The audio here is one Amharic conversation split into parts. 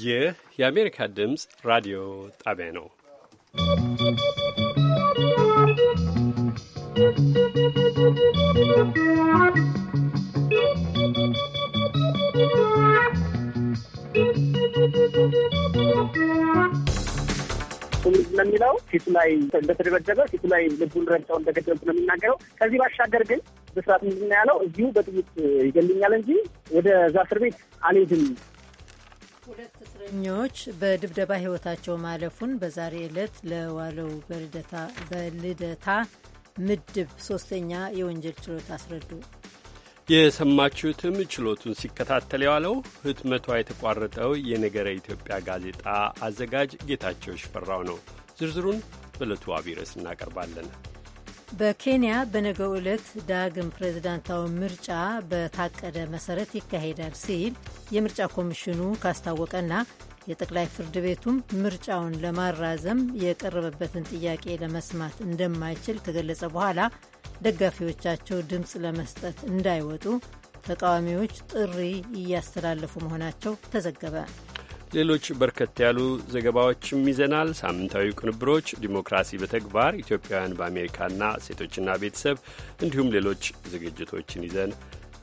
ይህ የአሜሪካ ድምፅ ራዲዮ ጣቢያ ነው። ነው ፊቱ ላይ እንደተደበደበ ፊቱ ላይ ልቡን ረብጣው እንደገደሉት ነው የሚናገረው። ከዚህ ባሻገር ግን በስርዓት ምንድን ነው ያለው? እዚሁ በጥይት ይገልኛል እንጂ ወደ እዛ እስር ቤት አልሄድም። እስረኞች በድብደባ ህይወታቸው ማለፉን በዛሬ ዕለት ለዋለው በልደታ ምድብ ሶስተኛ የወንጀል ችሎት አስረዱ። የሰማችሁትም ችሎቱን ሲከታተል የዋለው ህትመቷ የተቋረጠው የነገረ ኢትዮጵያ ጋዜጣ አዘጋጅ ጌታቸው ሽፈራው ነው። ዝርዝሩን በዕለቱ አቢረስ እናቀርባለን። በኬንያ በነገ ዕለት ዳግም ፕሬዝዳንታዊ ምርጫ በታቀደ መሰረት ይካሄዳል ሲል የምርጫ ኮሚሽኑ ካስታወቀና የጠቅላይ ፍርድ ቤቱም ምርጫውን ለማራዘም የቀረበበትን ጥያቄ ለመስማት እንደማይችል ከገለጸ በኋላ ደጋፊዎቻቸው ድምፅ ለመስጠት እንዳይወጡ ተቃዋሚዎች ጥሪ እያስተላለፉ መሆናቸው ተዘገበ። ሌሎች በርከት ያሉ ዘገባዎችም ይዘናል። ሳምንታዊ ቅንብሮች፣ ዲሞክራሲ በተግባር ኢትዮጵያውያን በአሜሪካና ሴቶችና ቤተሰብ እንዲሁም ሌሎች ዝግጅቶችን ይዘን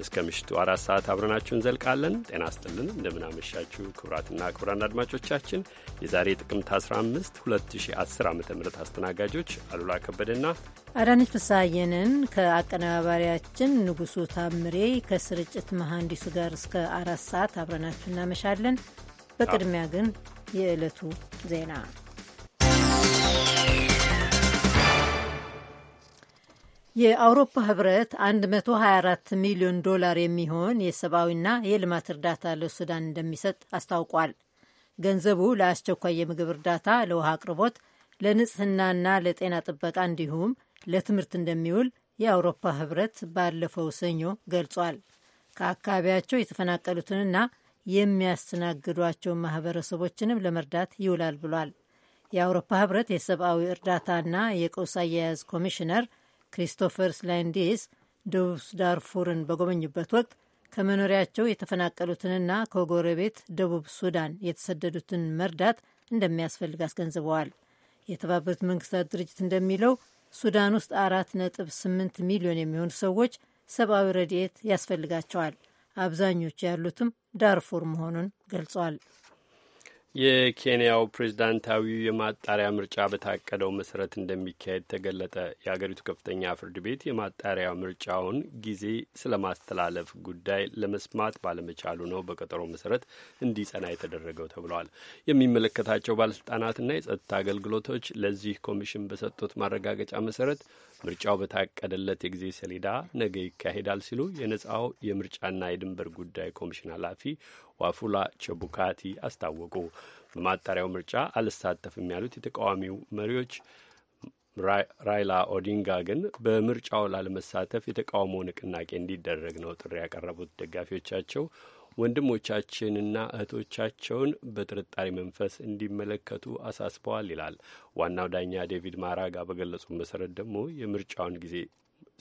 እስከ ምሽቱ አራት ሰዓት አብረናችሁ እንዘልቃለን። ጤና ስጥልን፣ እንደምናመሻችሁ ክቡራትና ክቡራን አድማጮቻችን የዛሬ ጥቅምት 15 2010 ዓ ም አስተናጋጆች አሉላ ከበደና አዳነች ፍስሐየንን ከአቀነባባሪያችን ንጉሱ ታምሬ ከስርጭት መሐንዲሱ ጋር እስከ አራት ሰዓት አብረናችሁ እናመሻለን። በቅድሚያ ግን የዕለቱ ዜና የአውሮፓ ህብረት 124 ሚሊዮን ዶላር የሚሆን የሰብአዊና የልማት እርዳታ ለሱዳን እንደሚሰጥ አስታውቋል። ገንዘቡ ለአስቸኳይ የምግብ እርዳታ፣ ለውሃ አቅርቦት፣ ለንጽህናና ለጤና ጥበቃ እንዲሁም ለትምህርት እንደሚውል የአውሮፓ ህብረት ባለፈው ሰኞ ገልጿል። ከአካባቢያቸው የተፈናቀሉትንና የሚያስተናግዷቸው ማህበረሰቦችንም ለመርዳት ይውላል ብሏል። የአውሮፓ ህብረት የሰብአዊ እርዳታና የቀውስ አያያዝ ኮሚሽነር ክሪስቶፈር ስላይንዲስ ደቡብ ዳርፉርን በጎበኙበት ወቅት ከመኖሪያቸው የተፈናቀሉትንና ከጎረቤት ደቡብ ሱዳን የተሰደዱትን መርዳት እንደሚያስፈልግ አስገንዝበዋል። የተባበሩት መንግስታት ድርጅት እንደሚለው ሱዳን ውስጥ አራት ነጥብ ስምንት ሚሊዮን የሚሆኑ ሰዎች ሰብአዊ ረድኤት ያስፈልጋቸዋል። አብዛኞቹ ያሉትም ዳርፉር መሆኑን ገልጿል። የኬንያው ፕሬዝዳንታዊ የማጣሪያ ምርጫ በታቀደው መሰረት እንደሚካሄድ ተገለጠ። የአገሪቱ ከፍተኛ ፍርድ ቤት የማጣሪያ ምርጫውን ጊዜ ስለማስተላለፍ ጉዳይ ለመስማት ባለመቻሉ ነው በቀጠሮ መሰረት እንዲጸና የተደረገው ተብሏል። የሚመለከታቸው ባለስልጣናትና የጸጥታ አገልግሎቶች ለዚህ ኮሚሽን በሰጡት ማረጋገጫ መሰረት ምርጫው በታቀደለት የጊዜ ሰሌዳ ነገ ይካሄዳል ሲሉ የነጻው የምርጫና የድንበር ጉዳይ ኮሚሽን ኃላፊ ዋፉላ ቸቡካቲ አስታወቁ። በማጣሪያው ምርጫ አልሳተፍም ያሉት የተቃዋሚው መሪዎች ራይላ ኦዲንጋ ግን በምርጫው ላለመሳተፍ የተቃውሞ ንቅናቄ እንዲደረግ ነው ጥሪ ያቀረቡት። ደጋፊዎቻቸው ወንድሞቻችንና እህቶቻቸውን በጥርጣሬ መንፈስ እንዲመለከቱ አሳስበዋል ይላል። ዋናው ዳኛ ዴቪድ ማራጋ በገለጹ መሰረት ደግሞ የምርጫውን ጊዜ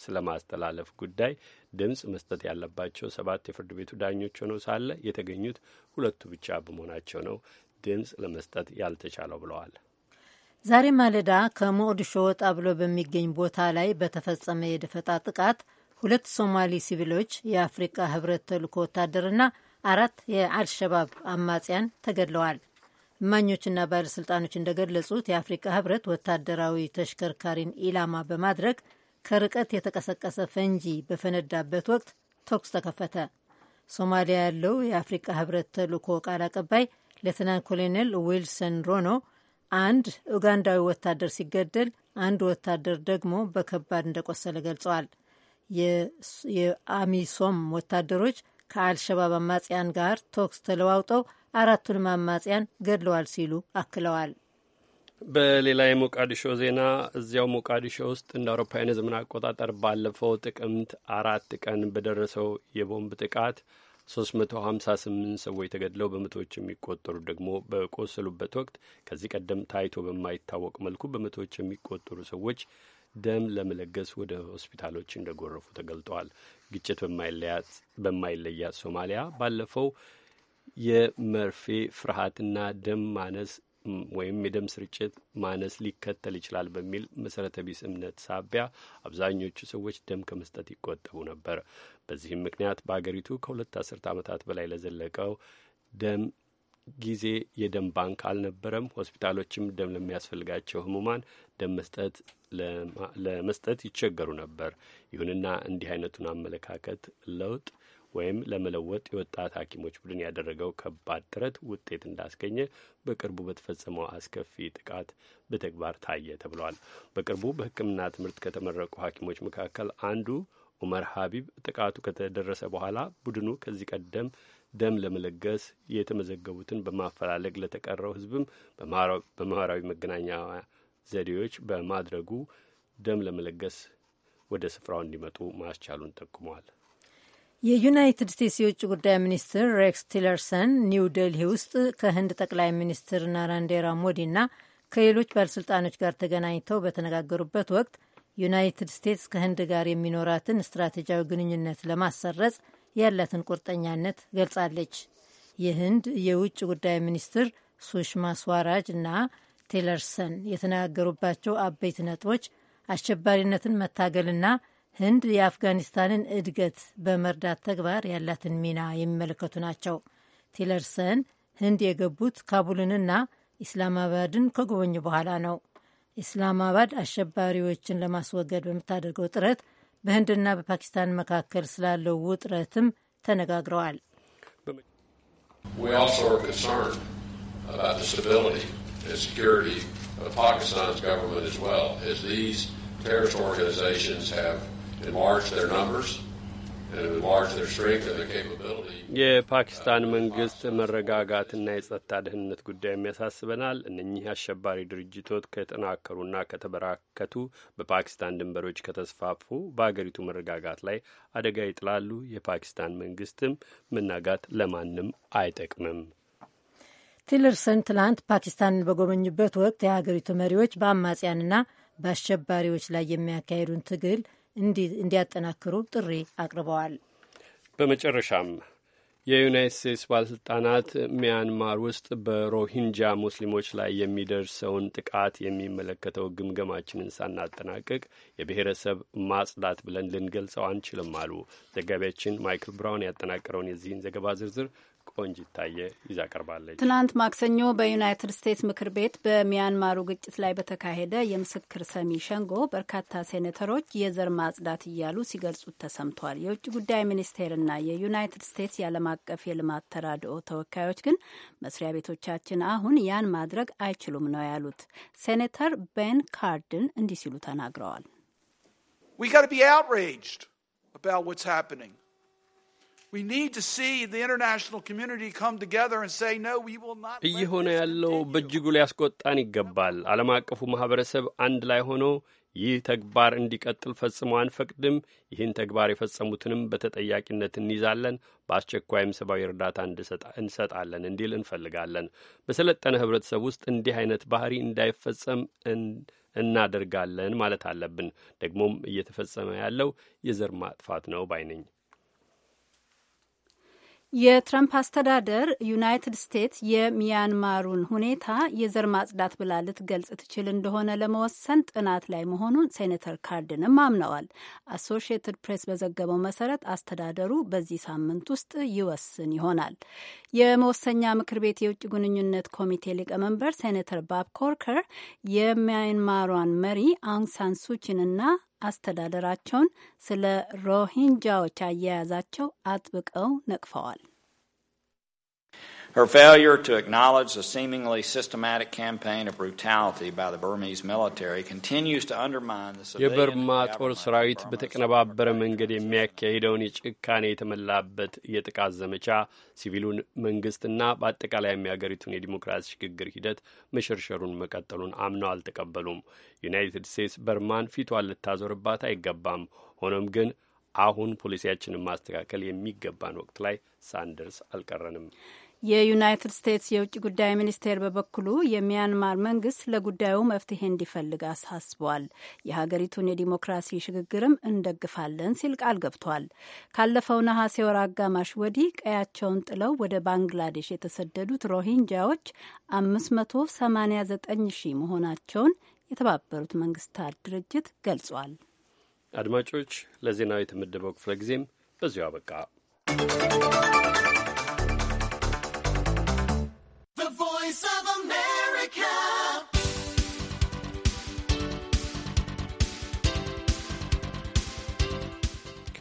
ስለማስተላለፍ ጉዳይ ድምፅ መስጠት ያለባቸው ሰባት የፍርድ ቤቱ ዳኞች ሆነው ሳለ የተገኙት ሁለቱ ብቻ በመሆናቸው ነው ድምፅ ለመስጠት ያልተቻለው ብለዋል። ዛሬ ማለዳ ከሞቅዲሾ ወጣ ብሎ በሚገኝ ቦታ ላይ በተፈጸመ የደፈጣ ጥቃት ሁለት ሶማሊ ሲቪሎች የአፍሪካ ህብረት ተልእኮ ወታደርና አራት የአልሸባብ አማጽያን ተገድለዋል። እማኞችና ባለሥልጣኖች እንደገለጹት የአፍሪካ ህብረት ወታደራዊ ተሽከርካሪን ኢላማ በማድረግ ከርቀት የተቀሰቀሰ ፈንጂ በፈነዳበት ወቅት ተኩስ ተከፈተ። ሶማሊያ ያለው የአፍሪካ ህብረት ተልእኮ ቃል አቀባይ ሌትናንት ኮሎኔል ዊልሰን ሮኖ አንድ ኡጋንዳዊ ወታደር ሲገደል አንድ ወታደር ደግሞ በከባድ እንደቆሰለ ገልጸዋል። የአሚሶም ወታደሮች ከአልሸባብ አማጽያን ጋር ቶክስ ተለዋውጠው አራቱንም አማጽያን ገድለዋል ሲሉ አክለዋል። በሌላ የሞቃዲሾ ዜና እዚያው ሞቃዲሾ ውስጥ እንደ አውሮፓውያን ዘመን አቆጣጠር ባለፈው ጥቅምት አራት ቀን በደረሰው የቦምብ ጥቃት 358 ሰዎች ተገድለው በመቶዎች የሚቆጠሩ ደግሞ በቆሰሉበት ወቅት ከዚህ ቀደም ታይቶ በማይታወቅ መልኩ በመቶዎች የሚቆጠሩ ሰዎች ደም ለመለገስ ወደ ሆስፒታሎች እንደጎረፉ ተገልጠዋል። ግጭት በማይለያት ሶማሊያ ባለፈው የመርፌ ፍርሃትና ደም ማነስ ወይም የደም ስርጭት ማነስ ሊከተል ይችላል በሚል መሰረተ ቢስ እምነት ሳቢያ አብዛኞቹ ሰዎች ደም ከመስጠት ይቆጠቡ ነበር። በዚህም ምክንያት በአገሪቱ ከሁለት አስርት ዓመታት በላይ ለዘለቀው ደም ጊዜ የደም ባንክ አልነበረም። ሆስፒታሎችም ደም ለሚያስፈልጋቸው ህሙማን ደም መስጠት ለመስጠት ይቸገሩ ነበር። ይሁንና እንዲህ አይነቱን አመለካከት ለውጥ ወይም ለመለወጥ የወጣት ሐኪሞች ቡድን ያደረገው ከባድ ጥረት ውጤት እንዳስገኘ በቅርቡ በተፈጸመው አስከፊ ጥቃት በተግባር ታየ ተብሏል። በቅርቡ በሕክምና ትምህርት ከተመረቁ ሐኪሞች መካከል አንዱ ኡመር ሀቢብ ጥቃቱ ከተደረሰ በኋላ ቡድኑ ከዚህ ቀደም ደም ለመለገስ የተመዘገቡትን በማፈላለግ ለተቀረው ህዝብም በማህበራዊ መገናኛ ዘዴዎች በማድረጉ ደም ለመለገስ ወደ ስፍራው እንዲመጡ ማስቻሉን ጠቁመዋል። የዩናይትድ ስቴትስ የውጭ ጉዳይ ሚኒስትር ሬክስ ቲለርሰን ኒው ዴልሂ ውስጥ ከህንድ ጠቅላይ ሚኒስትር ናራንዴራ ሞዲና ከሌሎች ባለሥልጣኖች ጋር ተገናኝተው በተነጋገሩበት ወቅት ዩናይትድ ስቴትስ ከህንድ ጋር የሚኖራትን ስትራቴጂያዊ ግንኙነት ለማሰረጽ ያላትን ቁርጠኛነት ገልጻለች። የህንድ የውጭ ጉዳይ ሚኒስትር ሱሽማ ስዋራጅ እና ቲለርሰን የተነጋገሩባቸው አበይት ነጥቦች አሸባሪነትን መታገልና ህንድ የአፍጋኒስታንን እድገት በመርዳት ተግባር ያላትን ሚና የሚመለከቱ ናቸው። ቲለርሰን ህንድ የገቡት ካቡልንና ኢስላማባድን ከጎበኙ በኋላ ነው። ኢስላማባድ አሸባሪዎችን ለማስወገድ በምታደርገው ጥረት በህንድና በፓኪስታን መካከል ስላለው ውጥረትም ተነጋግረዋል። and security of Pakistan's government as well, as these terrorist organizations have enlarged their numbers and enlarged their strength and their capability. የፓኪስታን መንግስት መረጋጋትና የጸጥታ ደህንነት ጉዳይም ያሳስበናል። እነኚህ አሸባሪ ድርጅቶች ከጠናከሩና ከተበራከቱ በፓኪስታን ድንበሮች ከተስፋፉ በአገሪቱ መረጋጋት ላይ አደጋ ይጥላሉ። የፓኪስታን መንግስትም መናጋት ለማንም አይጠቅምም። ቲለርሰን ትላንት ፓኪስታንን በጎበኙበት ወቅት የሀገሪቱ መሪዎች በአማጽያንና በአሸባሪዎች ላይ የሚያካሄዱን ትግል እንዲያጠናክሩ ጥሪ አቅርበዋል። በመጨረሻም የዩናይት ስቴትስ ባለሥልጣናት ሚያንማር ውስጥ በሮሂንጃ ሙስሊሞች ላይ የሚደርሰውን ጥቃት የሚመለከተው ግምገማችንን ሳናጠናቅቅ የብሔረሰብ ማጽዳት ብለን ልንገልጸው አንችልም አሉ። ዘጋቢያችን ማይክል ብራውን ያጠናቀረውን የዚህን ዘገባ ዝርዝር ቆንጅ ይታየ ይዛ ቀርባለች። ትናንት ማክሰኞ በዩናይትድ ስቴትስ ምክር ቤት በሚያንማሩ ግጭት ላይ በተካሄደ የምስክር ሰሚ ሸንጎ በርካታ ሴኔተሮች የዘር ማጽዳት እያሉ ሲገልጹት ተሰምቷል። የውጭ ጉዳይ ሚኒስቴርና የዩናይትድ ስቴትስ የዓለም አቀፍ የልማት ተራድኦ ተወካዮች ግን መስሪያ ቤቶቻችን አሁን ያን ማድረግ አይችሉም ነው ያሉት። ሴኔተር ቤን ካርድን እንዲህ ሲሉ ተናግረዋል። We got to be outraged about what's happening. እየሆነ ያለው በእጅጉ ሊያስቆጣን ይገባል። ዓለም አቀፉ ማህበረሰብ አንድ ላይ ሆኖ ይህ ተግባር እንዲቀጥል ፈጽሞ አንፈቅድም፣ ይህን ተግባር የፈጸሙትንም በተጠያቂነት እንይዛለን፣ በአስቸኳይም ሰብአዊ እርዳታ እንሰጣለን እንዲል እንፈልጋለን። በሰለጠነ ህብረተሰብ ውስጥ እንዲህ አይነት ባህሪ እንዳይፈጸም እናደርጋለን ማለት አለብን። ደግሞም እየተፈጸመ ያለው የዘር ማጥፋት ነው ባይ የትራምፕ አስተዳደር ዩናይትድ ስቴትስ የሚያንማሩን ሁኔታ የዘር ማጽዳት ብላ ልትገልጽ ትችል እንደሆነ ለመወሰን ጥናት ላይ መሆኑን ሴኔተር ካርድንም አምነዋል። አሶሽየትድ ፕሬስ በዘገበው መሰረት አስተዳደሩ በዚህ ሳምንት ውስጥ ይወስን ይሆናል። የመወሰኛ ምክር ቤት የውጭ ግንኙነት ኮሚቴ ሊቀመንበር ሴኔተር ባብ ኮርከር የሚያንማሯን መሪ ሱቺን ሱቺንና አስተዳደራቸውን ስለ ሮሂንጃዎች አያያዛቸው አጥብቀው ነቅፈዋል። Her failure to acknowledge the seemingly systematic campaign of brutality by the Burmese military continues to undermine the የበርማ ጦር ሰራዊት በተቀነባበረ መንገድ የሚያካሂደውን የጭካኔ የተመላበት የጥቃት ዘመቻ ሲቪሉን መንግስትና በአጠቃላይ የአገሪቱን የዲሞክራሲ ሽግግር ሂደት መሸርሸሩን መቀጠሉን አምነው አልተቀበሉም። ዩናይትድ ስቴትስ በርማን ፊቷን ልታዞርባት አይገባም። ሆኖም ግን አሁን ፖሊሲያችንን ማስተካከል የሚገባን ወቅት ላይ ሳንደርስ አልቀረንም። የዩናይትድ ስቴትስ የውጭ ጉዳይ ሚኒስቴር በበኩሉ የሚያንማር መንግስት ለጉዳዩ መፍትሄ እንዲፈልግ አሳስቧል። የሀገሪቱን የዲሞክራሲ ሽግግርም እንደግፋለን ሲል ቃል ገብቷል። ካለፈው ነሐሴ ወር አጋማሽ ወዲህ ቀያቸውን ጥለው ወደ ባንግላዴሽ የተሰደዱት ሮሂንጃዎች 589 ሺህ መሆናቸውን የተባበሩት መንግስታት ድርጅት ገልጿል። አድማጮች፣ ለዜናው የተመደበው ክፍለ ጊዜም በዚሁ አበቃ።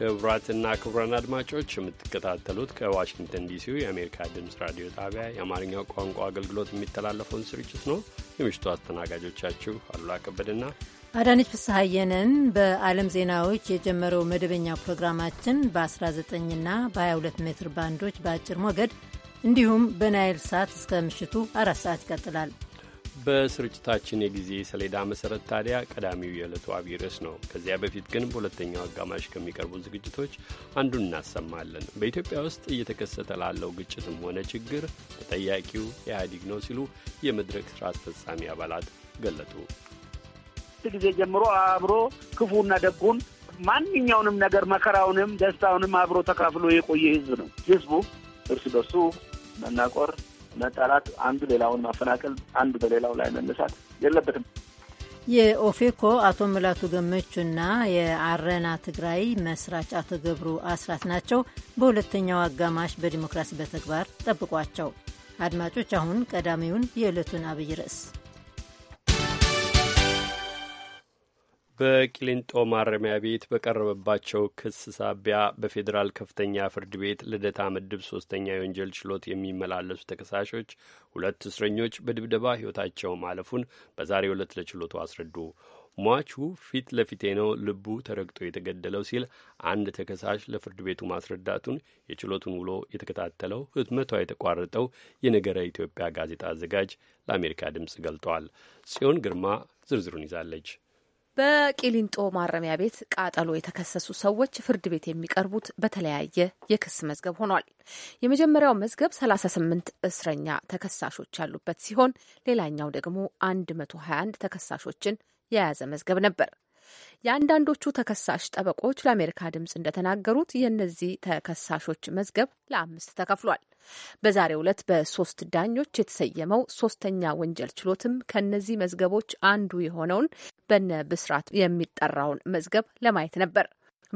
ክቡራትና ክቡራን አድማጮች የምትከታተሉት ከዋሽንግተን ዲሲ የአሜሪካ ድምፅ ራዲዮ ጣቢያ የአማርኛው ቋንቋ አገልግሎት የሚተላለፈውን ስርጭት ነው። የምሽቱ አስተናጋጆቻችሁ አሉላ ከበድና አዳነች ፍስሐየንን። በዓለም ዜናዎች የጀመረው መደበኛ ፕሮግራማችን በ19ና በ22 ሜትር ባንዶች በአጭር ሞገድ እንዲሁም በናይል ሳት እስከ ምሽቱ አራት ሰዓት ይቀጥላል። በስርጭታችን የጊዜ ሰሌዳ መሰረት ታዲያ ቀዳሚው የዕለቱ አብይ ርዕስ ነው። ከዚያ በፊት ግን በሁለተኛው አጋማሽ ከሚቀርቡ ዝግጅቶች አንዱን እናሰማለን። በኢትዮጵያ ውስጥ እየተከሰተ ላለው ግጭትም ሆነ ችግር ተጠያቂው ኢህአዴግ ነው ሲሉ የመድረክ ስራ አስፈጻሚ አባላት ገለጡ። ጊዜ ጀምሮ አብሮ ክፉና ደጉን ማንኛውንም ነገር መከራውንም ደስታውንም አብሮ ተካፍሎ የቆየ ህዝብ ነው። ህዝቡ እርስ በርሱ መናቆር መጣላት፣ አንዱ ሌላውን ማፈናቀል፣ አንዱ በሌላው ላይ መነሳት የለበትም። የኦፌኮ አቶ ሙላቱ ገመቹና የአረና ትግራይ መስራች አቶ ገብሩ አስራት ናቸው። በሁለተኛው አጋማሽ በዲሞክራሲ በተግባር ጠብቋቸው አድማጮች። አሁን ቀዳሚውን የዕለቱን አብይ ርዕስ በቅሊንጦ ማረሚያ ቤት በቀረበባቸው ክስ ሳቢያ በፌዴራል ከፍተኛ ፍርድ ቤት ልደታ ምድብ ሶስተኛ የወንጀል ችሎት የሚመላለሱ ተከሳሾች ሁለት እስረኞች በድብደባ ሕይወታቸው ማለፉን በዛሬው ዕለት ለችሎቱ አስረዱ። ሟቹ ፊት ለፊቴ ነው ልቡ ተረግጦ የተገደለው ሲል አንድ ተከሳሽ ለፍርድ ቤቱ ማስረዳቱን የችሎቱን ውሎ የተከታተለው ህትመቷ የተቋረጠው የነገረ ኢትዮጵያ ጋዜጣ አዘጋጅ ለአሜሪካ ድምፅ ገልጧል። ጽዮን ግርማ ዝርዝሩን ይዛለች። በቂሊንጦ ማረሚያ ቤት ቃጠሎ የተከሰሱ ሰዎች ፍርድ ቤት የሚቀርቡት በተለያየ የክስ መዝገብ ሆኗል። የመጀመሪያው መዝገብ 38 እስረኛ ተከሳሾች ያሉበት ሲሆን ሌላኛው ደግሞ 121 ተከሳሾችን የያዘ መዝገብ ነበር። የአንዳንዶቹ ተከሳሽ ጠበቆች ለአሜሪካ ድምፅ እንደተናገሩት የእነዚህ ተከሳሾች መዝገብ ለአምስት ተከፍሏል። በዛሬ ዕለት በሶስት ዳኞች የተሰየመው ሶስተኛ ወንጀል ችሎትም ከእነዚህ መዝገቦች አንዱ የሆነውን በነ ብስራት የሚጠራውን መዝገብ ለማየት ነበር።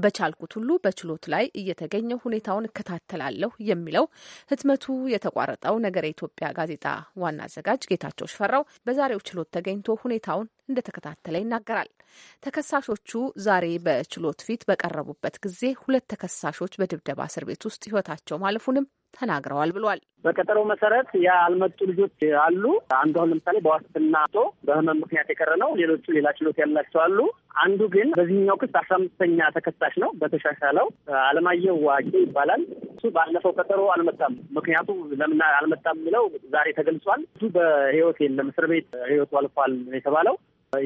በቻልኩት ሁሉ በችሎት ላይ እየተገኘ ሁኔታውን እከታተላለሁ የሚለው ህትመቱ የተቋረጠው ነገረ ኢትዮጵያ ጋዜጣ ዋና አዘጋጅ ጌታቸው ሽፈራው በዛሬው ችሎት ተገኝቶ ሁኔታውን እንደተከታተለ ይናገራል። ተከሳሾቹ ዛሬ በችሎት ፊት በቀረቡበት ጊዜ ሁለት ተከሳሾች በድብደባ እስር ቤት ውስጥ ህይወታቸው ማለፉንም ተናግረዋል ብሏል። በቀጠሮ መሰረት ያልመጡ ልጆች አሉ። አንዱ አሁን ለምሳሌ በዋስትና ቶ በህመም ምክንያት የቀረ ነው። ሌሎቹ ሌላ ችሎት ያላቸው አሉ። አንዱ ግን በዚህኛው ክስ አስራ አምስተኛ ተከሳሽ ነው። በተሻሻለው አለማየሁ ዋቂ ይባላል። እሱ ባለፈው ቀጠሮ አልመጣም። ምክንያቱ ለምን አልመጣም የሚለው ዛሬ ተገልጿል። እሱ በህይወት የለም፣ እስር ቤት ህይወቱ አልፏል የተባለው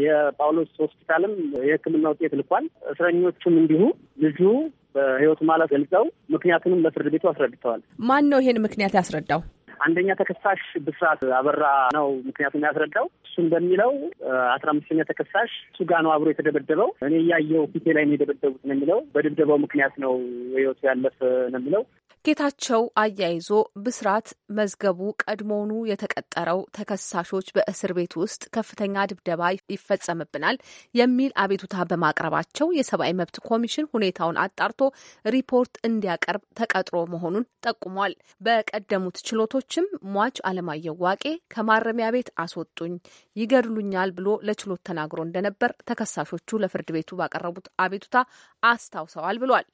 የጳውሎስ ሆስፒታልም የሕክምና ውጤት ልኳል። እስረኞቹም እንዲሁ ልጁ በህይወቱ ማለት ገልጸው ምክንያቱንም ለፍርድ ቤቱ አስረድተዋል። ማን ነው ይሄን ምክንያት ያስረዳው? አንደኛ ተከሳሽ ብስራት አበራ ነው። ምክንያቱም የሚያስረዳው እሱ እንደሚለው አስራ አምስተኛ ተከሳሽ እሱ ጋ ነው አብሮ የተደበደበው። እኔ እያየው ፊቴ ላይ ነው የደበደቡት ነው የሚለው። በድብደባው ምክንያት ነው ህይወቱ ያለፍ ነው የሚለው። ጌታቸው አያይዞ ብስራት መዝገቡ ቀድሞውኑ የተቀጠረው ተከሳሾች በእስር ቤት ውስጥ ከፍተኛ ድብደባ ይፈጸምብናል የሚል አቤቱታ በማቅረባቸው የሰብአዊ መብት ኮሚሽን ሁኔታውን አጣርቶ ሪፖርት እንዲያቀርብ ተቀጥሮ መሆኑን ጠቁሟል። በቀደሙት ችሎቶች ዳኞችም ሟች አለማየሁ ዋቄ ከማረሚያ ቤት አስወጡኝ፣ ይገድሉኛል ብሎ ለችሎት ተናግሮ እንደነበር ተከሳሾቹ ለፍርድ ቤቱ ባቀረቡት አቤቱታ አስታውሰዋል ብሏል።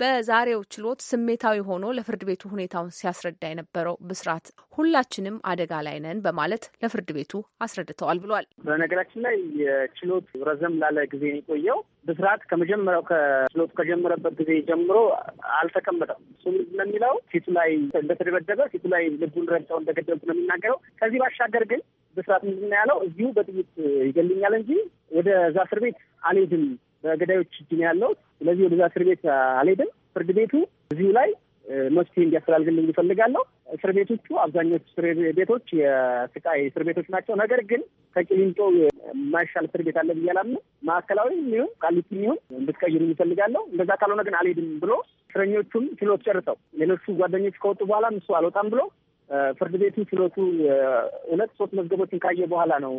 በዛሬው ችሎት ስሜታዊ ሆኖ ለፍርድ ቤቱ ሁኔታውን ሲያስረዳ የነበረው ብስራት ሁላችንም አደጋ ላይ ነን በማለት ለፍርድ ቤቱ አስረድተዋል ብሏል። በነገራችን ላይ የችሎት ረዘም ላለ ጊዜ የቆየው ብስራት ከመጀመሪያው ከችሎቱ ከጀመረበት ጊዜ ጀምሮ አልተቀመጠም። እሱ ምንድን ነው የሚለው ፊቱ ላይ እንደተደበደበ ፊቱ ላይ ልቡን ረግጠው እንደገደሉት ነው የሚናገረው። ከዚህ ባሻገር ግን ብስራት ምንድን ነው ያለው? እዚሁ በጥይት ይገልኛል እንጂ ወደዛ እስር ቤት አልሄድም በገዳዮች እጅ ነው ያለው። ስለዚህ ወደዛ እስር ቤት አልሄድም። ፍርድ ቤቱ እዚሁ ላይ መፍትሄ እንዲያስተላልግልኝ ይፈልጋለሁ። እስር ቤቶቹ አብዛኞቹ እስር ቤቶች የስቃይ እስር ቤቶች ናቸው። ነገር ግን ከቂሊንጦ የማይሻል እስር ቤት አለ ብያላም አላምንም። ማዕከላዊ ይሁን ቃሊቲ ይሁን እንድትቀይሩ ይፈልጋለሁ። እንደዛ ካልሆነ ግን አልሄድም ብሎ እስረኞቹም ችሎት ጨርሰው ሌሎቹ ጓደኞች ከወጡ በኋላም እሱ አልወጣም ብሎ ፍርድ ቤቱ ችሎቱ ሁለት ሶስት መዝገቦችን ካየ በኋላ ነው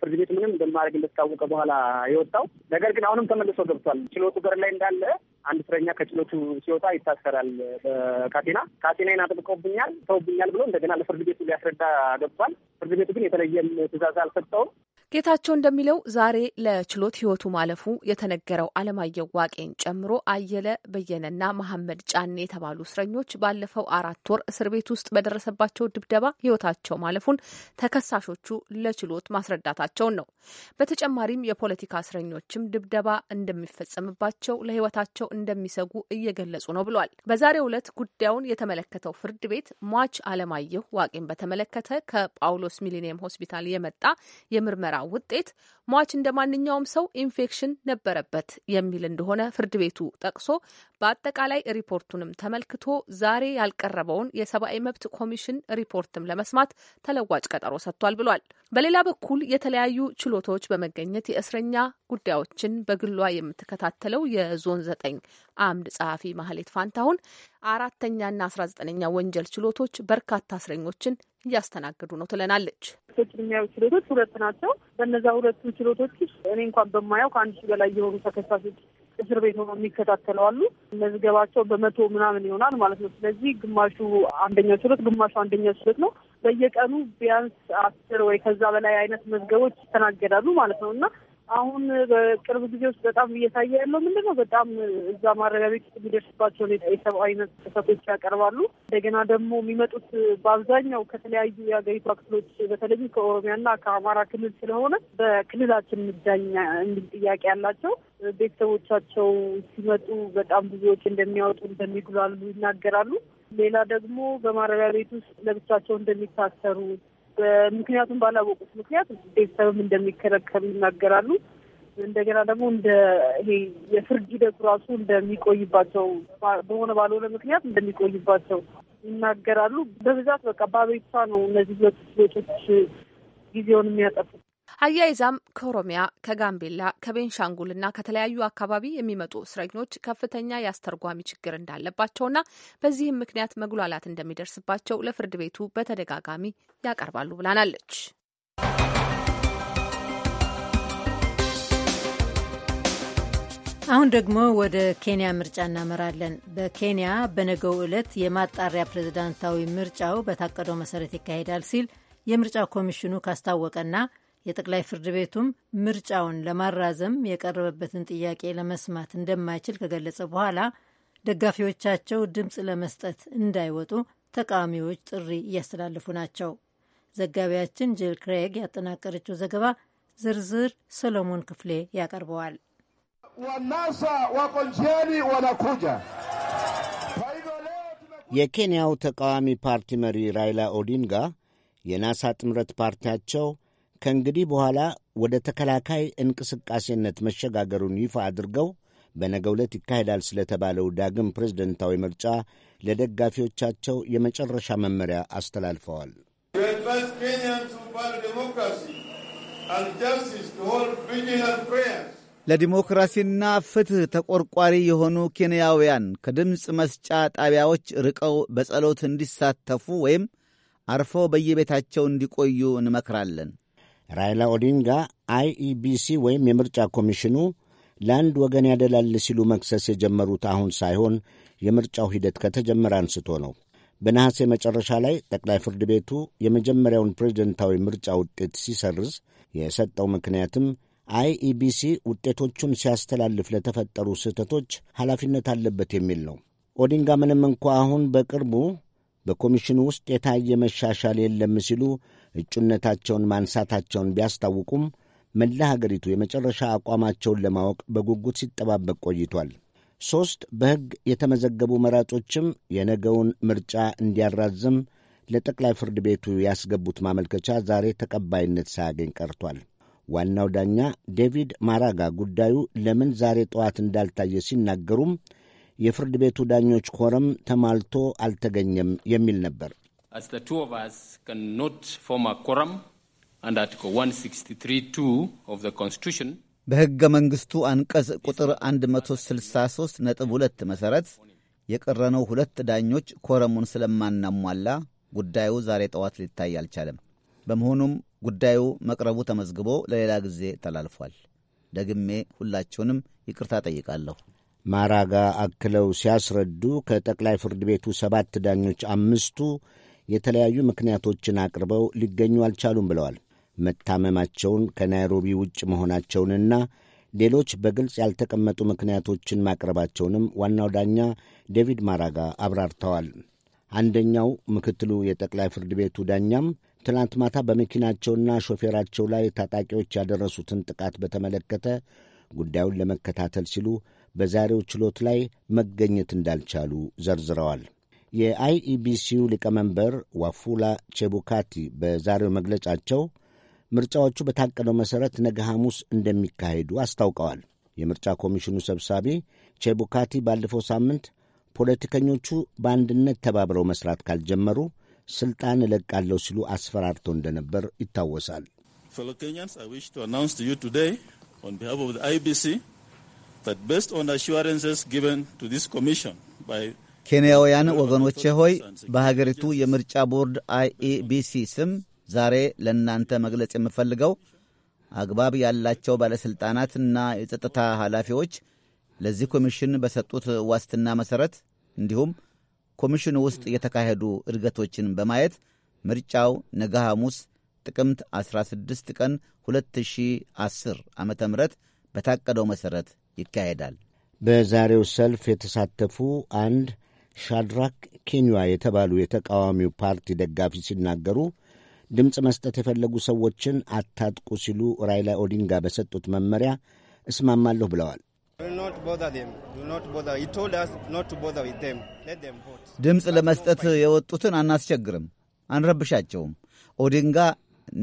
ፍርድ ቤቱ ምንም እንደማድረግ እንደታወቀ በኋላ የወጣው። ነገር ግን አሁንም ተመልሶ ገብቷል። ችሎቱ በር ላይ እንዳለ አንድ እስረኛ ከችሎቱ ሲወጣ ይታሰራል በካቴና ካቴናዬን አጥብቀውብኛል፣ ተውብኛል ብሎ እንደገና ለፍርድ ቤቱ ሊያስረዳ ገብቷል። ፍርድ ቤቱ ግን የተለየም ትዕዛዝ አልሰጠውም። ጌታቸው እንደሚለው ዛሬ ለችሎት ህይወቱ ማለፉ የተነገረው አለማየሁ ዋቄን ጨምሮ አየለ በየነና መሐመድ ጫኔ የተባሉ እስረኞች ባለፈው አራት ወር እስር ቤት ውስጥ በደረሰባቸው ድብደባ ህይወታቸው ማለፉን ተከሳሾቹ ለችሎት ማስረዳታቸውን ነው። በተጨማሪም የፖለቲካ እስረኞችም ድብደባ እንደሚፈጸምባቸው ለህይወታቸው እንደሚሰጉ እየገለጹ ነው ብሏል። በዛሬው ዕለት ጉዳዩን የተመለከተው ፍርድ ቤት ሟች አለማየሁ ዋቄን በተመለከተ ከጳውሎስ ሚሊኒየም ሆስፒታል የመጣ የምርመራ ውጤት ሟች እንደ ማንኛውም ሰው ኢንፌክሽን ነበረበት የሚል እንደሆነ ፍርድ ቤቱ ጠቅሶ በአጠቃላይ ሪፖርቱንም ተመልክቶ ዛሬ ያልቀረበውን የሰብአዊ መብት ኮሚሽን ሪፖርትም ለመስማት ተለዋጭ ቀጠሮ ሰጥቷል ብሏል። በሌላ በኩል የተለያዩ ችሎቶች በመገኘት የእስረኛ ጉዳዮችን በግሏ የምትከታተለው የዞን ዘጠኝ አምድ ጸሐፊ ማህሌት ፋንታሁን አራተኛና አስራ ዘጠነኛ ወንጀል ችሎቶች በርካታ እስረኞችን እያስተናገዱ ነው ትለናለች። ችሎቶች ሁለት ናቸው። በነዛ ሁለቱ ችሎቶች ውስጥ እኔ እንኳን በማየው ከአንድ ሺህ በላይ የሆኑ ተከሳሾች እስር ቤት ሆኖ የሚከታተለዋሉ አሉ። መዝገባቸው በመቶ ምናምን ይሆናል ማለት ነው። ስለዚህ ግማሹ አንደኛው ችሎት፣ ግማሹ አንደኛ ችሎት ነው። በየቀኑ ቢያንስ አስር ወይ ከዛ በላይ አይነት መዝገቦች ይስተናገዳሉ ማለት ነው እና አሁን በቅርብ ጊዜ ውስጥ በጣም እየታየ ያለው ምንድን ነው? በጣም እዛ ማረሚያ ቤት የሚደርስባቸውን የሰብአዊ መብት ጥሰቶች ያቀርባሉ። እንደገና ደግሞ የሚመጡት በአብዛኛው ከተለያዩ የሀገሪቷ ክፍሎች በተለይም ከኦሮሚያና ከአማራ ክልል ስለሆነ በክልላችን ምዳኛ የሚል ጥያቄ ያላቸው ቤተሰቦቻቸው ሲመጡ በጣም ብዙዎች እንደሚያወጡ እንደሚጉላሉ ይናገራሉ። ሌላ ደግሞ በማረሚያ ቤት ውስጥ ለብቻቸው እንደሚታሰሩ ምክንያቱም ባላወቁት ምክንያት ቤተሰብም እንደሚከለከሉ ይናገራሉ። እንደገና ደግሞ እንደ ይሄ የፍርድ ሂደቱ ራሱ እንደሚቆይባቸው በሆነ ባልሆነ ምክንያት እንደሚቆይባቸው ይናገራሉ። በብዛት በቃ በአቤቱታ ነው እነዚህ ሁለት ሴቶች ጊዜውን የሚያጠፉት። አያይዛም ከኦሮሚያ፣ ከጋምቤላ፣ ከቤንሻንጉል እና ከተለያዩ አካባቢ የሚመጡ እስረኞች ከፍተኛ የአስተርጓሚ ችግር እንዳለባቸውና በዚህም ምክንያት መጉላላት እንደሚደርስባቸው ለፍርድ ቤቱ በተደጋጋሚ ያቀርባሉ ብላናለች። አሁን ደግሞ ወደ ኬንያ ምርጫ እናመራለን። በኬንያ በነገው ዕለት የማጣሪያ ፕሬዝዳንታዊ ምርጫው በታቀደው መሰረት ይካሄዳል ሲል የምርጫ ኮሚሽኑ ካስታወቀና የጠቅላይ ፍርድ ቤቱም ምርጫውን ለማራዘም የቀረበበትን ጥያቄ ለመስማት እንደማይችል ከገለጸ በኋላ ደጋፊዎቻቸው ድምፅ ለመስጠት እንዳይወጡ ተቃዋሚዎች ጥሪ እያስተላለፉ ናቸው። ዘጋቢያችን ጅል ክሬግ ያጠናቀረችው ዘገባ ዝርዝር ሰሎሞን ክፍሌ ያቀርበዋል። የኬንያው ተቃዋሚ ፓርቲ መሪ ራይላ ኦዲንጋ የናሳ ጥምረት ፓርቲያቸው ከእንግዲህ በኋላ ወደ ተከላካይ እንቅስቃሴነት መሸጋገሩን ይፋ አድርገው በነገ ዕለት ይካሄዳል ስለተባለው ዳግም ፕሬዝደንታዊ ምርጫ ለደጋፊዎቻቸው የመጨረሻ መመሪያ አስተላልፈዋል። ለዲሞክራሲና ፍትሕ ተቆርቋሪ የሆኑ ኬንያውያን ከድምፅ መስጫ ጣቢያዎች ርቀው በጸሎት እንዲሳተፉ ወይም አርፈው በየቤታቸው እንዲቆዩ እንመክራለን። ራይላ ኦዲንጋ አይኢቢሲ ወይም የምርጫ ኮሚሽኑ ለአንድ ወገን ያደላል ሲሉ መክሰስ የጀመሩት አሁን ሳይሆን የምርጫው ሂደት ከተጀመረ አንስቶ ነው። በነሐሴ መጨረሻ ላይ ጠቅላይ ፍርድ ቤቱ የመጀመሪያውን ፕሬዝደንታዊ ምርጫ ውጤት ሲሰርዝ የሰጠው ምክንያትም አይኢቢሲ ውጤቶቹን ሲያስተላልፍ ለተፈጠሩ ስህተቶች ኃላፊነት አለበት የሚል ነው። ኦዲንጋ ምንም እንኳ አሁን በቅርቡ በኮሚሽኑ ውስጥ የታየ መሻሻል የለም ሲሉ እጩነታቸውን ማንሳታቸውን ቢያስታውቁም መላ ሀገሪቱ የመጨረሻ አቋማቸውን ለማወቅ በጉጉት ሲጠባበቅ ቆይቷል። ሦስት በሕግ የተመዘገቡ መራጮችም የነገውን ምርጫ እንዲያራዝም ለጠቅላይ ፍርድ ቤቱ ያስገቡት ማመልከቻ ዛሬ ተቀባይነት ሳያገኝ ቀርቷል። ዋናው ዳኛ ዴቪድ ማራጋ ጉዳዩ ለምን ዛሬ ጠዋት እንዳልታየ ሲናገሩም የፍርድ ቤቱ ዳኞች ኮረም ተሟልቶ አልተገኘም የሚል ነበር። በሕገ መንግሥቱ አንቀጽ ቁጥር 163 ነጥብ 2 መሠረት የቀረነው ሁለት ዳኞች ኮረሙን ስለማናሟላ ጉዳዩ ዛሬ ጠዋት ሊታይ አልቻለም። በመሆኑም ጉዳዩ መቅረቡ ተመዝግቦ ለሌላ ጊዜ ተላልፏል። ደግሜ ሁላችሁንም ይቅርታ ጠይቃለሁ። ማራጋ አክለው ሲያስረዱ ከጠቅላይ ፍርድ ቤቱ ሰባት ዳኞች አምስቱ የተለያዩ ምክንያቶችን አቅርበው ሊገኙ አልቻሉም ብለዋል። መታመማቸውን፣ ከናይሮቢ ውጭ መሆናቸውንና ሌሎች በግልጽ ያልተቀመጡ ምክንያቶችን ማቅረባቸውንም ዋናው ዳኛ ዴቪድ ማራጋ አብራርተዋል። አንደኛው ምክትሉ የጠቅላይ ፍርድ ቤቱ ዳኛም ትናንት ማታ በመኪናቸውና ሾፌራቸው ላይ ታጣቂዎች ያደረሱትን ጥቃት በተመለከተ ጉዳዩን ለመከታተል ሲሉ በዛሬው ችሎት ላይ መገኘት እንዳልቻሉ ዘርዝረዋል። የአይኢቢሲው ሊቀመንበር ዋፉላ ቼቡካቲ በዛሬው መግለጫቸው ምርጫዎቹ በታቀደው መሠረት ነገ ሐሙስ እንደሚካሄዱ አስታውቀዋል። የምርጫ ኮሚሽኑ ሰብሳቢ ቼቡካቲ ባለፈው ሳምንት ፖለቲከኞቹ በአንድነት ተባብረው መስራት ካልጀመሩ ስልጣን እለቃለሁ ሲሉ አስፈራርቶ እንደነበር ይታወሳል። ኬንያውያን ወገኖቼ ሆይ በሀገሪቱ የምርጫ ቦርድ አይኢቢሲ ስም ዛሬ ለእናንተ መግለጽ የምፈልገው አግባብ ያላቸው ባለሥልጣናትና የጸጥታ ኃላፊዎች ለዚህ ኮሚሽን በሰጡት ዋስትና መሠረት እንዲሁም ኮሚሽኑ ውስጥ የተካሄዱ እድገቶችን በማየት ምርጫው ነገ ሐሙስ ጥቅምት 16 ቀን 2010 ዓ ም በታቀደው መሠረት ይካሄዳል። በዛሬው ሰልፍ የተሳተፉ አንድ ሻድራክ ኬንያ የተባሉ የተቃዋሚው ፓርቲ ደጋፊ ሲናገሩ ድምፅ መስጠት የፈለጉ ሰዎችን አታጥቁ ሲሉ ራይላ ኦዲንጋ በሰጡት መመሪያ እስማማለሁ ብለዋል። ድምፅ ለመስጠት የወጡትን አናስቸግርም፣ አንረብሻቸውም። ኦዲንጋ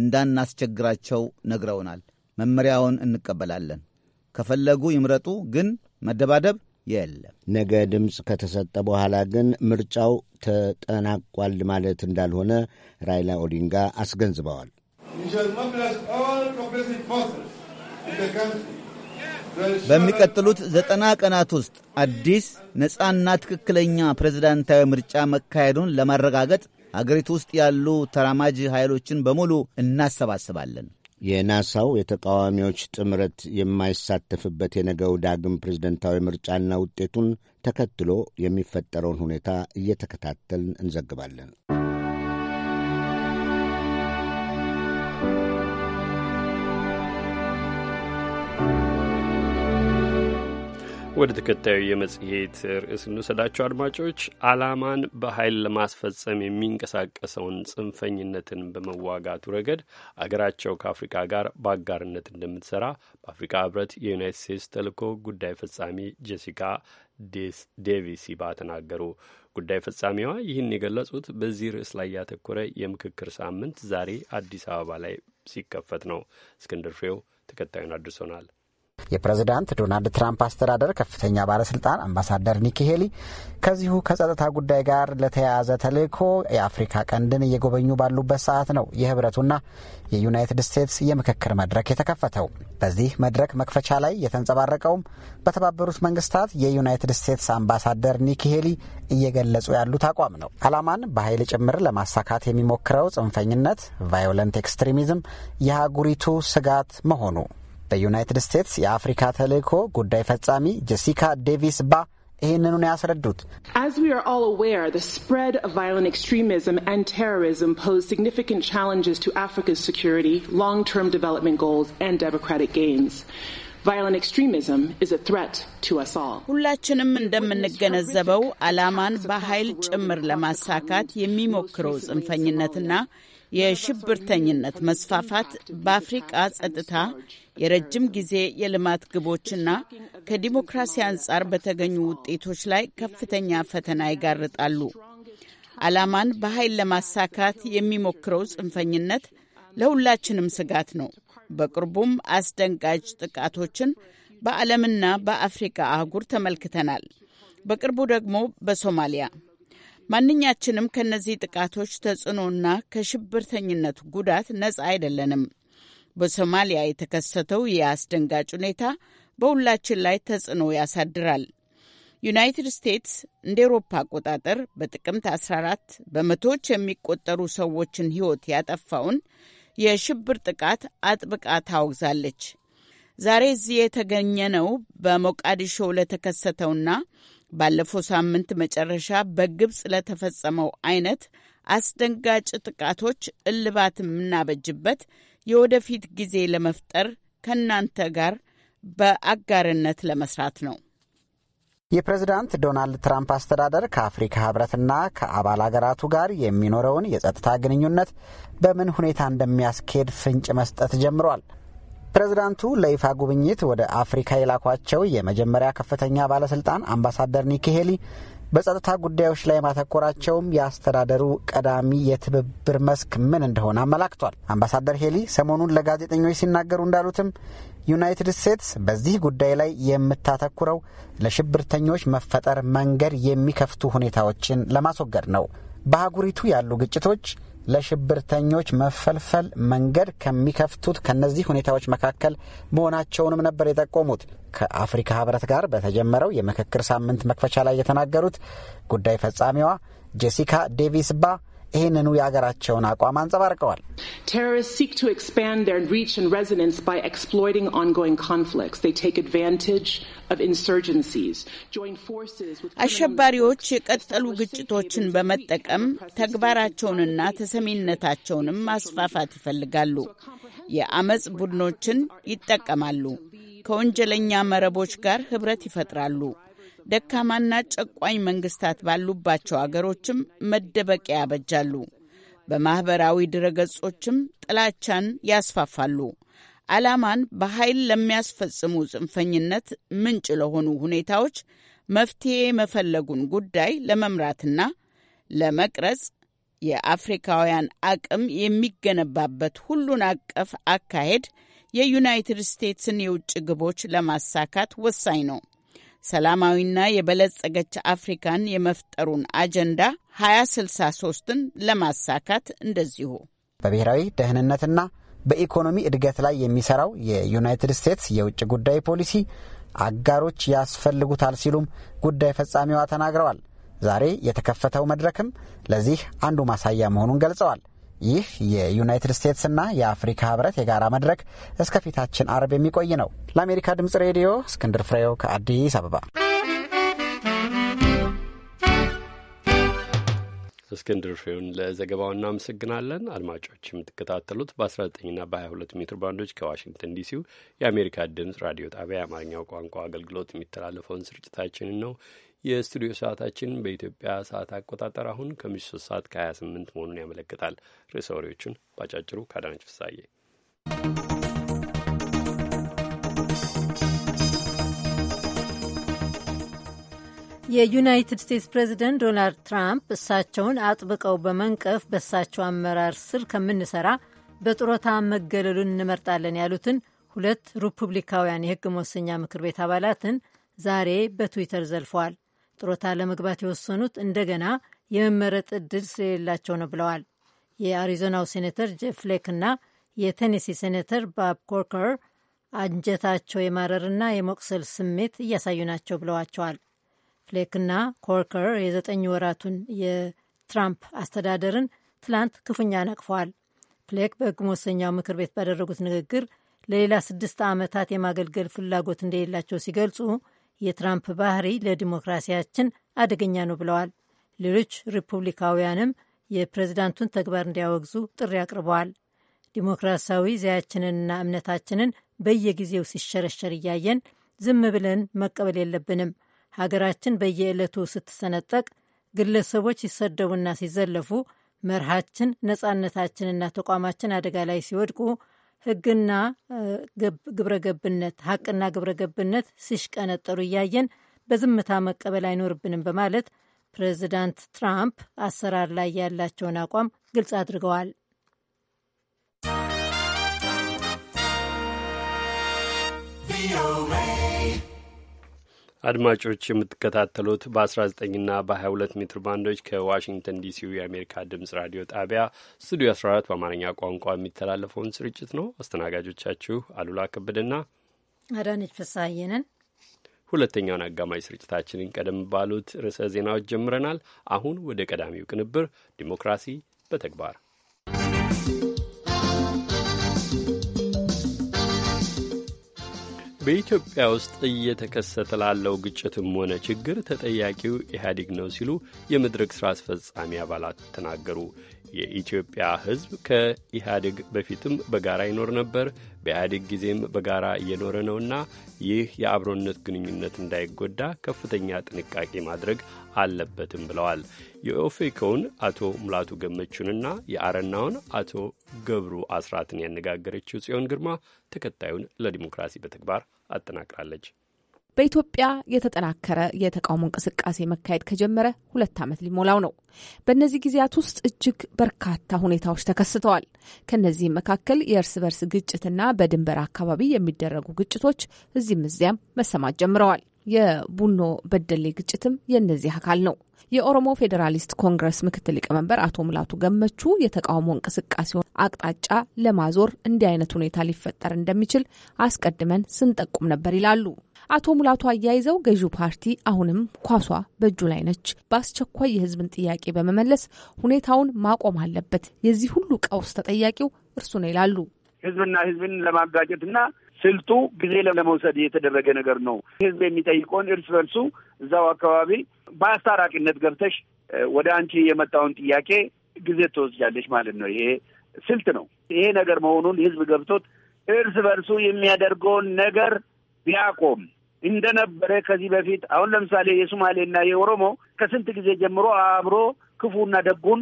እንዳናስቸግራቸው ነግረውናል። መመሪያውን እንቀበላለን። ከፈለጉ ይምረጡ፣ ግን መደባደብ የለም። ነገ ድምፅ ከተሰጠ በኋላ ግን ምርጫው ተጠናቋል ማለት እንዳልሆነ ራይላ ኦዲንጋ አስገንዝበዋል። በሚቀጥሉት ዘጠና ቀናት ውስጥ አዲስ ነፃና ትክክለኛ ፕሬዝዳንታዊ ምርጫ መካሄዱን ለማረጋገጥ አገሪቱ ውስጥ ያሉ ተራማጅ ኃይሎችን በሙሉ እናሰባስባለን። የናሳው የተቃዋሚዎች ጥምረት የማይሳተፍበት የነገው ዳግም ፕሬዝደንታዊ ምርጫና ውጤቱን ተከትሎ የሚፈጠረውን ሁኔታ እየተከታተልን እንዘግባለን። ወደ ተከታዩ የመጽሔት ርዕስ እንውሰዳቸው አድማጮች። ዓላማን በኃይል ለማስፈጸም የሚንቀሳቀሰውን ጽንፈኝነትን በመዋጋቱ ረገድ አገራቸው ከአፍሪካ ጋር በአጋርነት እንደምትሰራ በአፍሪካ ሕብረት የዩናይት ስቴትስ ተልዕኮ ጉዳይ ፈጻሚ ጄሲካ ዴቪስ ይባ ተናገሩ። ጉዳይ ፈጻሚዋ ይህን የገለጹት በዚህ ርዕስ ላይ ያተኮረ የምክክር ሳምንት ዛሬ አዲስ አበባ ላይ ሲከፈት ነው። እስክንድር ፍሬው ተከታዩን አድርሶናል። የፕሬዝዳንት ዶናልድ ትራምፕ አስተዳደር ከፍተኛ ባለስልጣን አምባሳደር ኒኪ ሄሊ ከዚሁ ከጸጥታ ጉዳይ ጋር ለተያያዘ ተልእኮ የአፍሪካ ቀንድን እየጎበኙ ባሉበት ሰዓት ነው የህብረቱና የዩናይትድ ስቴትስ የምክክር መድረክ የተከፈተው። በዚህ መድረክ መክፈቻ ላይ የተንጸባረቀውም በተባበሩት መንግስታት የዩናይትድ ስቴትስ አምባሳደር ኒኪ ሄሊ እየገለጹ ያሉት አቋም ነው። አላማን በኃይል ጭምር ለማሳካት የሚሞክረው ጽንፈኝነት፣ ቫዮለንት ኤክስትሪሚዝም የአህጉሪቱ ስጋት መሆኑ በዩናይትድ ስቴትስ የአፍሪካ ተልእኮ ጉዳይ ፈጻሚ ጀሲካ ዴቪስ ባ ያስረዱት ይህንኑ ነው ያስረዱት። ሁላችንም እንደምንገነዘበው ዓላማን በኃይል ጭምር ለማሳካት የሚሞክረው ጽንፈኝነትና የሽብርተኝነት መስፋፋት በአፍሪቃ ጸጥታ፣ የረጅም ጊዜ የልማት ግቦችና ከዲሞክራሲ አንጻር በተገኙ ውጤቶች ላይ ከፍተኛ ፈተና ይጋርጣሉ። ዓላማን በኃይል ለማሳካት የሚሞክረው ጽንፈኝነት ለሁላችንም ስጋት ነው። በቅርቡም አስደንጋጭ ጥቃቶችን በዓለምና በአፍሪካ አህጉር ተመልክተናል። በቅርቡ ደግሞ በሶማሊያ ማንኛችንም ከእነዚህ ጥቃቶች ተጽዕኖና ከሽብርተኝነት ጉዳት ነጻ አይደለንም። በሶማሊያ የተከሰተው የአስደንጋጭ አስደንጋጭ ሁኔታ በሁላችን ላይ ተጽዕኖ ያሳድራል። ዩናይትድ ስቴትስ እንደ ኤሮፓ አቆጣጠር በጥቅምት 14 በመቶዎች የሚቆጠሩ ሰዎችን ሕይወት ያጠፋውን የሽብር ጥቃት አጥብቃ ታወግዛለች። ዛሬ እዚህ የተገኘነው በሞቃዲሾ ለተከሰተውና ባለፈው ሳምንት መጨረሻ በግብፅ ለተፈጸመው አይነት አስደንጋጭ ጥቃቶች እልባት የምናበጅበት የወደፊት ጊዜ ለመፍጠር ከእናንተ ጋር በአጋርነት ለመስራት ነው። የፕሬዝዳንት ዶናልድ ትራምፕ አስተዳደር ከአፍሪካ ህብረትና ከአባል አገራቱ ጋር የሚኖረውን የጸጥታ ግንኙነት በምን ሁኔታ እንደሚያስኬድ ፍንጭ መስጠት ጀምሯል። ፕሬዝዳንቱ ለይፋ ጉብኝት ወደ አፍሪካ የላኳቸው የመጀመሪያ ከፍተኛ ባለስልጣን አምባሳደር ኒኪ ሄሊ በጸጥታ ጉዳዮች ላይ ማተኮራቸውም የአስተዳደሩ ቀዳሚ የትብብር መስክ ምን እንደሆነ አመላክቷል። አምባሳደር ሄሊ ሰሞኑን ለጋዜጠኞች ሲናገሩ እንዳሉትም ዩናይትድ ስቴትስ በዚህ ጉዳይ ላይ የምታተኩረው ለሽብርተኞች መፈጠር መንገድ የሚከፍቱ ሁኔታዎችን ለማስወገድ ነው። በአህጉሪቱ ያሉ ግጭቶች ለሽብርተኞች መፈልፈል መንገድ ከሚከፍቱት ከነዚህ ሁኔታዎች መካከል መሆናቸውንም ነበር የጠቆሙት። ከአፍሪካ ህብረት ጋር በተጀመረው የምክክር ሳምንት መክፈቻ ላይ የተናገሩት ጉዳይ ፈጻሚዋ ጄሲካ ዴቪስ ባ ይህንኑ የአገራቸውን አቋም አንጸባርቀዋል። አሸባሪዎች የቀጠሉ ግጭቶችን በመጠቀም ተግባራቸውንና ተሰሚነታቸውንም ማስፋፋት ይፈልጋሉ። የአመፅ ቡድኖችን ይጠቀማሉ። ከወንጀለኛ መረቦች ጋር ህብረት ይፈጥራሉ። ደካማና ጨቋኝ መንግስታት ባሉባቸው አገሮችም መደበቂያ ያበጃሉ። በማኅበራዊ ድረገጾችም ጥላቻን ያስፋፋሉ። ዓላማን በኃይል ለሚያስፈጽሙ ጽንፈኝነት ምንጭ ለሆኑ ሁኔታዎች መፍትሄ የመፈለጉን ጉዳይ ለመምራትና ለመቅረጽ የአፍሪካውያን አቅም የሚገነባበት ሁሉን አቀፍ አካሄድ የዩናይትድ ስቴትስን የውጭ ግቦች ለማሳካት ወሳኝ ነው። ሰላማዊና የበለጸገች አፍሪካን የመፍጠሩን አጀንዳ 2063ን ለማሳካት እንደዚሁ በብሔራዊ ደህንነትና በኢኮኖሚ እድገት ላይ የሚሰራው የዩናይትድ ስቴትስ የውጭ ጉዳይ ፖሊሲ አጋሮች ያስፈልጉታል ሲሉም ጉዳይ ፈጻሚዋ ተናግረዋል። ዛሬ የተከፈተው መድረክም ለዚህ አንዱ ማሳያ መሆኑን ገልጸዋል። ይህ የዩናይትድ ስቴትስና የአፍሪካ ህብረት የጋራ መድረክ እስከፊታችን አርብ የሚቆይ ነው። ለአሜሪካ ድምፅ ሬዲዮ እስክንድር ፍሬው ከአዲስ አበባ። እስክንድር ፍሬውን ለዘገባው እናመሰግናለን። አድማጮች የምትከታተሉት በ19ና በ22 ሜትር ባንዶች ከዋሽንግተን ዲሲው የአሜሪካ ድምፅ ራዲዮ ጣቢያ የአማርኛው ቋንቋ አገልግሎት የሚተላለፈውን ስርጭታችንን ነው። የስቱዲዮ ሰዓታችን በኢትዮጵያ ሰዓት አቆጣጠር አሁን ከምሽቱ 3 ሰዓት ከ28 መሆኑን ያመለክታል። ርዕሰ ወሬዎቹን ባጫጭሩ ከአዳነች ፍሳዬ የዩናይትድ ስቴትስ ፕሬዚደንት ዶናልድ ትራምፕ እሳቸውን አጥብቀው በመንቀፍ በእሳቸው አመራር ስር ከምንሰራ በጡረታ መገለሉን እንመርጣለን ያሉትን ሁለት ሪፑብሊካውያን የሕግ መወሰኛ ምክር ቤት አባላትን ዛሬ በትዊተር ዘልፈዋል። ጡረታ ለመግባት የወሰኑት እንደገና የመመረጥ እድል ስለሌላቸው ነው ብለዋል። የአሪዞናው ሴኔተር ጄፍ ፍሌክ እና የቴኔሲ ሴኔተር ባብ ኮርከር አንጀታቸው የማረርና የመቁሰል ስሜት እያሳዩ ናቸው ብለዋቸዋል። ፍሌክና ኮርከር የዘጠኝ ወራቱን የትራምፕ አስተዳደርን ትላንት ክፉኛ ነቅፈዋል። ፍሌክ በሕግ መወሰኛው ምክር ቤት ባደረጉት ንግግር ለሌላ ስድስት ዓመታት የማገልገል ፍላጎት እንደሌላቸው ሲገልጹ የትራምፕ ባህሪ ለዲሞክራሲያችን አደገኛ ነው ብለዋል። ሌሎች ሪፑብሊካውያንም የፕሬዝዳንቱን ተግባር እንዲያወግዙ ጥሪ አቅርበዋል። ዲሞክራሲያዊ ዘያችንንና እምነታችንን በየጊዜው ሲሸረሸር እያየን ዝም ብለን መቀበል የለብንም። ሀገራችን በየዕለቱ ስትሰነጠቅ፣ ግለሰቦች ሲሰደቡና ሲዘለፉ፣ መርሃችን ነጻነታችንና ተቋማችን አደጋ ላይ ሲወድቁ ህግና ግብረገብነት ሀቅና ግብረገብነት ሲሽቀነጠሩ እያየን በዝምታ መቀበል አይኖርብንም በማለት ፕሬዚዳንት ትራምፕ አሰራር ላይ ያላቸውን አቋም ግልጽ አድርገዋል። አድማጮች የምትከታተሉት በ19ና በ22 ሜትር ባንዶች ከዋሽንግተን ዲሲው የአሜሪካ ድምጽ ራዲዮ ጣቢያ ስቱዲዮ 14 በአማርኛ ቋንቋ የሚተላለፈውን ስርጭት ነው። አስተናጋጆቻችሁ አሉላ ከበደና አዳነች ፍስሐየንን። ሁለተኛውን አጋማሽ ስርጭታችንን ቀደም ባሉት ርዕሰ ዜናዎች ጀምረናል። አሁን ወደ ቀዳሚው ቅንብር ዲሞክራሲ በተግባር በኢትዮጵያ ውስጥ እየተከሰተ ላለው ግጭትም ሆነ ችግር ተጠያቂው ኢህአዴግ ነው ሲሉ የመድረክ ሥራ አስፈጻሚ አባላት ተናገሩ። የኢትዮጵያ ሕዝብ ከኢህአዴግ በፊትም በጋራ ይኖር ነበር፣ በኢህአዴግ ጊዜም በጋራ እየኖረ ነውና ይህ የአብሮነት ግንኙነት እንዳይጎዳ ከፍተኛ ጥንቃቄ ማድረግ አለበትም ብለዋል። የኦፌኮውን አቶ ሙላቱ ገመቹንና የአረናውን አቶ ገብሩ አስራትን ያነጋገረችው ጽዮን ግርማ ተከታዩን ለዲሞክራሲ በተግባር አጠናቅራለች። በኢትዮጵያ የተጠናከረ የተቃውሞ እንቅስቃሴ መካሄድ ከጀመረ ሁለት ዓመት ሊሞላው ነው። በእነዚህ ጊዜያት ውስጥ እጅግ በርካታ ሁኔታዎች ተከስተዋል። ከእነዚህም መካከል የእርስ በርስ ግጭትና በድንበር አካባቢ የሚደረጉ ግጭቶች እዚህም እዚያም መሰማት ጀምረዋል። የቡኖ በደሌ ግጭትም የእነዚህ አካል ነው። የኦሮሞ ፌዴራሊስት ኮንግረስ ምክትል ሊቀመንበር አቶ ሙላቱ ገመቹ የተቃውሞ እንቅስቃሴውን አቅጣጫ ለማዞር እንዲህ አይነት ሁኔታ ሊፈጠር እንደሚችል አስቀድመን ስንጠቁም ነበር ይላሉ። አቶ ሙላቱ አያይዘው ገዢው ፓርቲ አሁንም ኳሷ በእጁ ላይ ነች፣ በአስቸኳይ የህዝብን ጥያቄ በመመለስ ሁኔታውን ማቆም አለበት። የዚህ ሁሉ ቀውስ ተጠያቂው እርሱ ነው ይላሉ። ህዝብና ህዝብን ለማጋጨትና ስልቱ ጊዜ ለመውሰድ የተደረገ ነገር ነው። ህዝብ የሚጠይቀውን እርስ በርሱ እዛው አካባቢ በአስታራቂነት ገብተሽ ወደ አንቺ የመጣውን ጥያቄ ጊዜ ትወስጃለች ማለት ነው። ይሄ ስልት ነው። ይሄ ነገር መሆኑን ህዝብ ገብቶት እርስ በርሱ የሚያደርገውን ነገር ቢያቆም እንደነበረ ከዚህ በፊት አሁን ለምሳሌ የሱማሌና የኦሮሞ ከስንት ጊዜ ጀምሮ አብሮ ክፉና ደጉን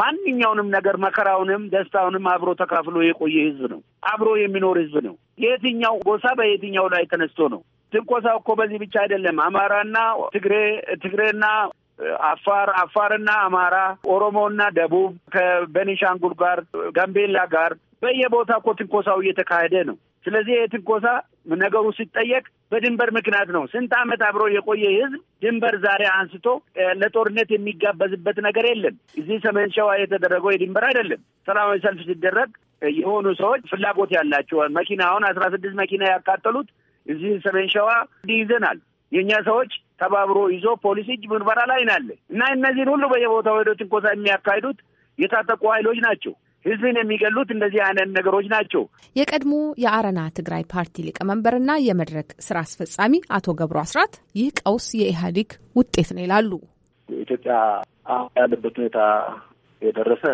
ማንኛውንም ነገር መከራውንም ደስታውንም አብሮ ተካፍሎ የቆየ ህዝብ ነው። አብሮ የሚኖር ህዝብ ነው። የትኛው ጎሳ በየትኛው ላይ ተነስቶ ነው? ትንኮሳው እኮ በዚህ ብቻ አይደለም። አማራና ትግሬ፣ ትግሬና አፋር፣ አፋርና አማራ፣ ኦሮሞና ደቡብ፣ ከቤኒሻንጉል ጋር፣ ጋምቤላ ጋር በየቦታ እኮ ትንኮሳው እየተካሄደ ነው። ስለዚህ ይህ ትንኮሳ ነገሩ ሲጠየቅ በድንበር ምክንያት ነው። ስንት ዓመት አብሮ የቆየ ህዝብ ድንበር ዛሬ አንስቶ ለጦርነት የሚጋበዝበት ነገር የለም። እዚህ ሰሜን ሸዋ የተደረገው የድንበር አይደለም። ሰላማዊ ሰልፍ ሲደረግ የሆኑ ሰዎች ፍላጎት ያላቸው መኪና አሁን አስራ ስድስት መኪና ያቃጠሉት እዚህ ሰሜን ሸዋ ይዘናል የእኛ ሰዎች ተባብሮ ይዞ ፖሊስ እጅ ምንበራ ላይ ናለ እና እነዚህን ሁሉ በየቦታው ሄዶ ትንኮሳ የሚያካሂዱት የታጠቁ ኃይሎች ናቸው። ህዝብን የሚገሉት እንደዚህ አይነት ነገሮች ናቸው። የቀድሞ የአረና ትግራይ ፓርቲ ሊቀመንበርና የመድረክ ስራ አስፈጻሚ አቶ ገብሩ አስራት ይህ ቀውስ የኢህአዴግ ውጤት ነው ይላሉ። ኢትዮጵያ አሁን ያለበት ሁኔታ የደረሰ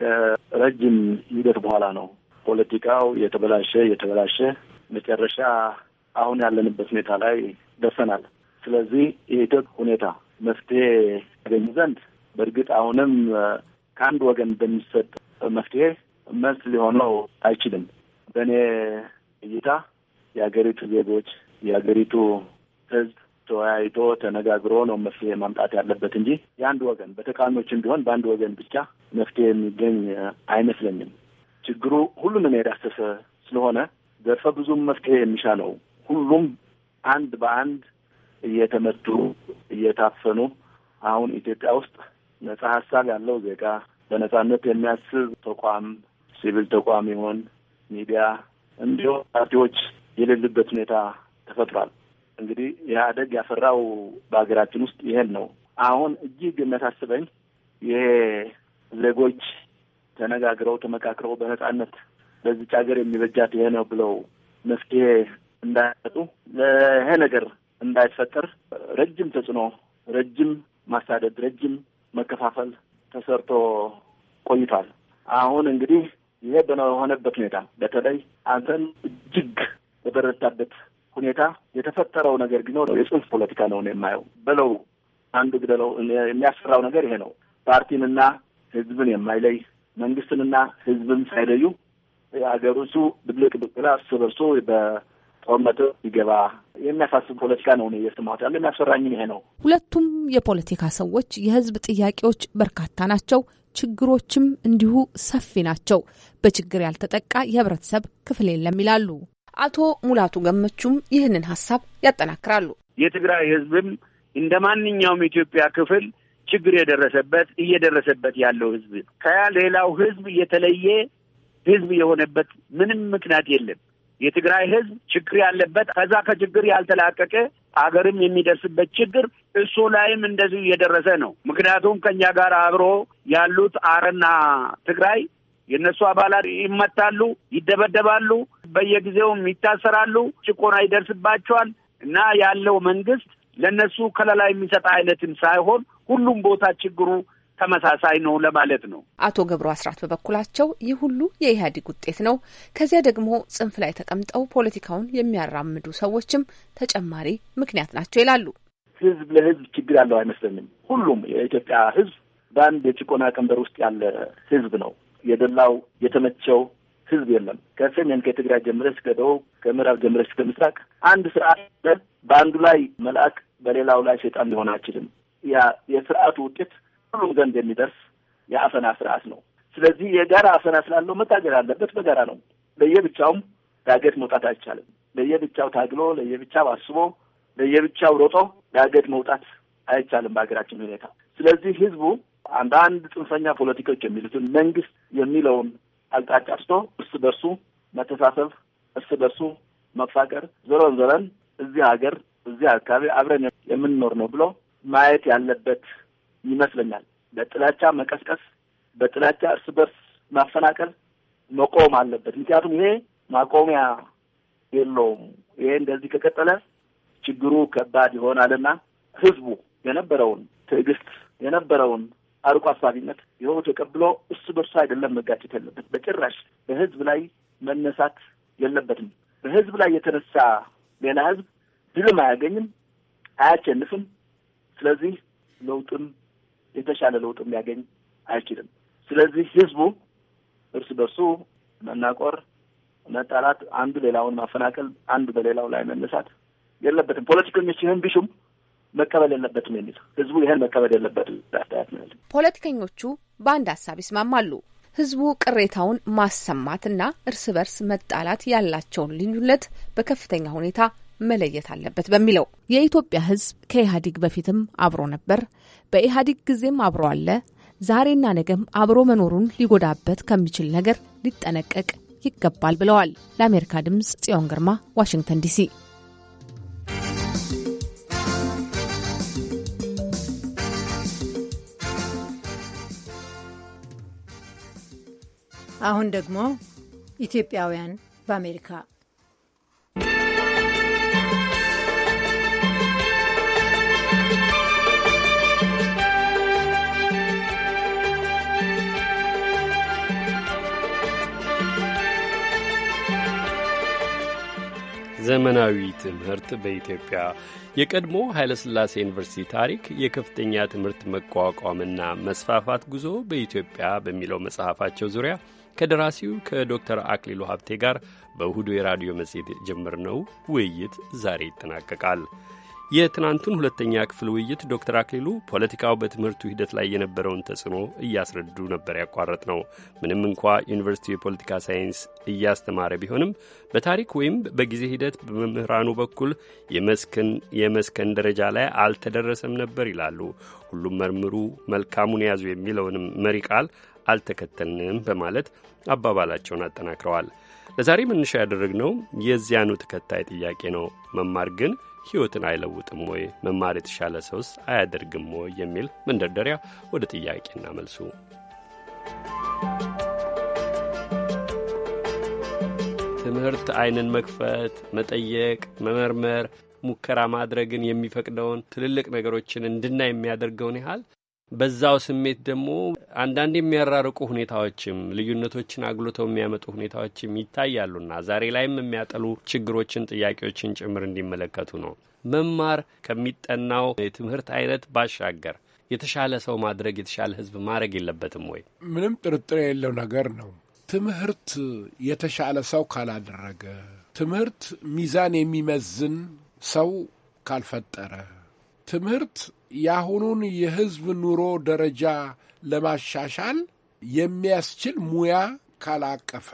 ከረጅም ሂደት በኋላ ነው። ፖለቲካው የተበላሸ የተበላሸ መጨረሻ አሁን ያለንበት ሁኔታ ላይ ደርሰናል። ስለዚህ የኢትዮጵያ ሁኔታ መፍትሄ ያገኝ ዘንድ በእርግጥ አሁንም ከአንድ ወገን በሚሰጥ መፍትሄ መልስ ሊሆነው አይችልም። በእኔ እይታ የሀገሪቱ ዜጎች የሀገሪቱ ህዝብ ተወያይቶ ተነጋግሮ ነው መፍትሄ ማምጣት ያለበት እንጂ የአንድ ወገን በተቃዋሚዎችም ቢሆን በአንድ ወገን ብቻ መፍትሄ የሚገኝ አይመስለኝም። ችግሩ ሁሉንም የዳሰሰ ስለሆነ ዘርፈ ብዙም መፍትሄ የሚሻ ነው። ሁሉም አንድ በአንድ እየተመቱ እየታፈኑ አሁን ኢትዮጵያ ውስጥ ነጻ ሀሳብ ያለው ዜጋ በነጻነት የሚያስብ ተቋም ሲቪል ተቋም ይሆን ሚዲያ እንዲሁም ፓርቲዎች የሌሉበት ሁኔታ ተፈጥሯል። እንግዲህ ኢህአደግ ያፈራው በሀገራችን ውስጥ ይሄን ነው። አሁን እጅግ የሚያሳስበኝ ይሄ ዜጎች ተነጋግረው ተመካክረው በነጻነት በዚች ሀገር የሚበጃት ይሄ ነው ብለው መፍትሄ እንዳያጡ ለይሄ ነገር እንዳይፈጠር ረጅም ተጽዕኖ፣ ረጅም ማሳደድ፣ ረጅም መከፋፈል ተሰርቶ ቆይቷል። አሁን እንግዲህ ይሄ በሆነበት ሁኔታ በተለይ አንተን እጅግ በበረታበት ሁኔታ የተፈጠረው ነገር ቢኖር የጽንፍ ፖለቲካ ነው የማየው። በለው አንድ ግደለው የሚያስፈራው ነገር ይሄ ነው። ፓርቲንና ህዝብን የማይለይ መንግስትንና ህዝብን ሳይለዩ አገሪቱ ድብልቅ ብቅላ እርስ በርሶ ጦርነት ሲገባ የሚያሳስብ ፖለቲካ ነው እኔ እየሰማሁት ያለ የሚያስፈራኝም ይሄ ነው። ሁለቱም የፖለቲካ ሰዎች የህዝብ ጥያቄዎች በርካታ ናቸው፣ ችግሮችም እንዲሁ ሰፊ ናቸው። በችግር ያልተጠቃ የህብረተሰብ ክፍል የለም ይላሉ አቶ ሙላቱ ገመቹም ይህንን ሀሳብ ያጠናክራሉ። የትግራይ ህዝብም እንደ ማንኛውም የኢትዮጵያ ክፍል ችግር የደረሰበት እየደረሰበት ያለው ህዝብ ሌላው ህዝብ የተለየ ህዝብ የሆነበት ምንም ምክንያት የለም። የትግራይ ህዝብ ችግር ያለበት ከዛ ከችግር ያልተላቀቀ አገርም የሚደርስበት ችግር እሱ ላይም እንደዚሁ እየደረሰ ነው። ምክንያቱም ከኛ ጋር አብሮ ያሉት አረና ትግራይ የእነሱ አባላት ይመታሉ፣ ይደበደባሉ፣ በየጊዜውም ይታሰራሉ፣ ጭቆና ይደርስባቸዋል እና ያለው መንግስት ለእነሱ ከለላ የሚሰጥ አይነትም ሳይሆን ሁሉም ቦታ ችግሩ ተመሳሳይ ነው ለማለት ነው። አቶ ገብሩ አስራት በበኩላቸው ይህ ሁሉ የኢህአዴግ ውጤት ነው። ከዚያ ደግሞ ጽንፍ ላይ ተቀምጠው ፖለቲካውን የሚያራምዱ ሰዎችም ተጨማሪ ምክንያት ናቸው ይላሉ። ህዝብ ለህዝብ ችግር ያለው አይመስለንም። ሁሉም የኢትዮጵያ ህዝብ በአንድ የጭቆና ቀንበር ውስጥ ያለ ህዝብ ነው። የደላው የተመቸው ህዝብ የለም። ከሰሜን ከትግራይ እስከ ከደቡብ ከምዕራብ እስከ ምስራቅ አንድ ስርዓት በአንዱ ላይ መልአክ በሌላው ላይ ሸይጣን ሊሆን አይችልም። ያ የስርዓቱ ውጤት ሁሉም ዘንድ የሚደርስ የአፈና ስርዓት ነው። ስለዚህ የጋራ አፈና ስላለው መታገል አለበት። በጋራ ነው። ለየብቻውም ዳገት መውጣት አይቻልም። ለየብቻው ታግሎ ለየብቻው አስቦ ለየብቻው ሮጦ ዳገት መውጣት አይቻልም በሀገራችን ሁኔታ። ስለዚህ ህዝቡ አንዳንድ ጽንፈኛ ፖለቲካዎች የሚሉትን መንግስት የሚለውን አቅጣጫ ስቶ እርስ በርሱ መተሳሰብ፣ እርስ በርሱ መፋቀር ዞረን ዞረን እዚህ ሀገር እዚህ አካባቢ አብረን የምንኖር ነው ብሎ ማየት ያለበት ይመስለኛል። በጥላቻ መቀስቀስ፣ በጥላቻ እርስ በርስ ማፈናቀል መቆም አለበት። ምክንያቱም ይሄ ማቆሚያ የለውም። ይሄ እንደዚህ ከቀጠለ ችግሩ ከባድ ይሆናልና ህዝቡ የነበረውን ትዕግስት የነበረውን አርቆ አሳቢነት ይኸው ተቀብሎ እሱ በእርሱ አይደለም መጋጨት ያለበት በጭራሽ በህዝብ ላይ መነሳት የለበትም። በህዝብ ላይ የተነሳ ሌላ ህዝብ ድልም አያገኝም፣ አያቸንፍም። ስለዚህ ለውጥም የተሻለ ለውጥ የሚያገኝ አይችልም። ስለዚህ ህዝቡ እርስ በርሱ መናቆር፣ መጣላት፣ አንዱ ሌላውን ማፈናቀል፣ አንዱ በሌላው ላይ መነሳት የለበትም። ፖለቲከኞች ይህን ቢሹም መቀበል የለበትም የሚል ህዝቡ ይህን መቀበል የለበትም አስተያየት ነው። ፖለቲከኞቹ በአንድ ሀሳብ ይስማማሉ። ህዝቡ ቅሬታውን ማሰማትና እርስ በርስ መጣላት ያላቸውን ልዩነት በከፍተኛ ሁኔታ መለየት አለበት በሚለው የኢትዮጵያ ሕዝብ ከኢህአዴግ በፊትም አብሮ ነበር፣ በኢህአዴግ ጊዜም አብሮ አለ፣ ዛሬና ነገም አብሮ መኖሩን ሊጎዳበት ከሚችል ነገር ሊጠነቀቅ ይገባል ብለዋል። ለአሜሪካ ድምፅ ጽዮን ግርማ ዋሽንግተን ዲሲ። አሁን ደግሞ ኢትዮጵያውያን በአሜሪካ ዘመናዊ ትምህርት በኢትዮጵያ የቀድሞ ኃይለሥላሴ ዩኒቨርሲቲ ታሪክ የከፍተኛ ትምህርት መቋቋምና መስፋፋት ጉዞ በኢትዮጵያ በሚለው መጽሐፋቸው ዙሪያ ከደራሲው ከዶክተር አክሊሉ ሀብቴ ጋር በእሁዱ የራዲዮ መጽሔት የጀመርነው ውይይት ዛሬ ይጠናቀቃል። የትናንቱን ሁለተኛ ክፍል ውይይት ዶክተር አክሊሉ ፖለቲካው በትምህርቱ ሂደት ላይ የነበረውን ተጽዕኖ እያስረዱ ነበር ያቋረጥ ነው። ምንም እንኳ ዩኒቨርሲቲ የፖለቲካ ሳይንስ እያስተማረ ቢሆንም በታሪክ ወይም በጊዜ ሂደት በመምህራኑ በኩል የመስከን ደረጃ ላይ አልተደረሰም ነበር ይላሉ። ሁሉም መርምሩ መልካሙን ያዙ የሚለውንም መሪ ቃል አልተከተልንም በማለት አባባላቸውን አጠናክረዋል። ለዛሬ መነሻ ያደረግነው የዚያኑ ተከታይ ጥያቄ ነው። መማር ግን ሕይወትን አይለውጥም ወይ? መማር የተሻለ ሰውስ አያደርግም ወይ? የሚል መንደርደሪያ ወደ ጥያቄና መልሱ ትምህርት አይንን መክፈት፣ መጠየቅ፣ መመርመር ሙከራ ማድረግን የሚፈቅደውን ትልልቅ ነገሮችን እንድና የሚያደርገውን ያህል በዛው ስሜት ደግሞ አንዳንድ የሚያራርቁ ሁኔታዎችም ልዩነቶችን አጉልተው የሚያመጡ ሁኔታዎችም ይታያሉና ዛሬ ላይም የሚያጠሉ ችግሮችን፣ ጥያቄዎችን ጭምር እንዲመለከቱ ነው። መማር ከሚጠናው የትምህርት አይነት ባሻገር የተሻለ ሰው ማድረግ የተሻለ ሕዝብ ማድረግ የለበትም ወይ? ምንም ጥርጥር የለው ነገር ነው። ትምህርት የተሻለ ሰው ካላደረገ፣ ትምህርት ሚዛን የሚመዝን ሰው ካልፈጠረ፣ ትምህርት የአሁኑን የህዝብ ኑሮ ደረጃ ለማሻሻል የሚያስችል ሙያ ካላቀፈ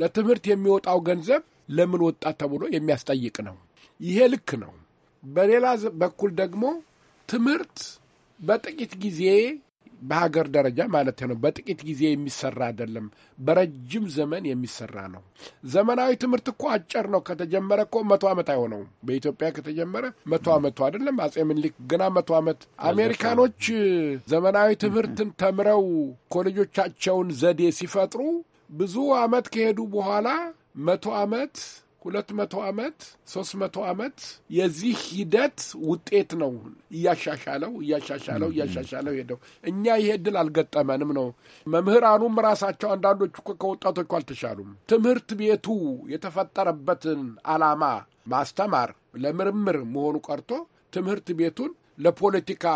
ለትምህርት የሚወጣው ገንዘብ ለምን ወጣ ተብሎ የሚያስጠይቅ ነው። ይሄ ልክ ነው። በሌላ በኩል ደግሞ ትምህርት በጥቂት ጊዜ በሀገር ደረጃ ማለት ነው። በጥቂት ጊዜ የሚሰራ አይደለም፣ በረጅም ዘመን የሚሰራ ነው። ዘመናዊ ትምህርት እኮ አጭር ነው። ከተጀመረ እኮ መቶ ዓመት አይሆነውም። በኢትዮጵያ ከተጀመረ መቶ ዓመቱ አይደለም። አጼ ምኒልክ ገና መቶ ዓመት። አሜሪካኖች ዘመናዊ ትምህርትን ተምረው ኮሌጆቻቸውን ዘዴ ሲፈጥሩ ብዙ ዓመት ከሄዱ በኋላ መቶ ዓመት ሁለት መቶ ዓመት ሶስት መቶ ዓመት የዚህ ሂደት ውጤት ነው። እያሻሻለው እያሻሻለው እያሻሻለው ሄደው እኛ ይሄ እድል አልገጠመንም ነው። መምህራኑም ራሳቸው አንዳንዶቹ ከወጣቶቹ አልተሻሉም። ትምህርት ቤቱ የተፈጠረበትን ዓላማ ማስተማር ለምርምር መሆኑ ቀርቶ ትምህርት ቤቱን ለፖለቲካ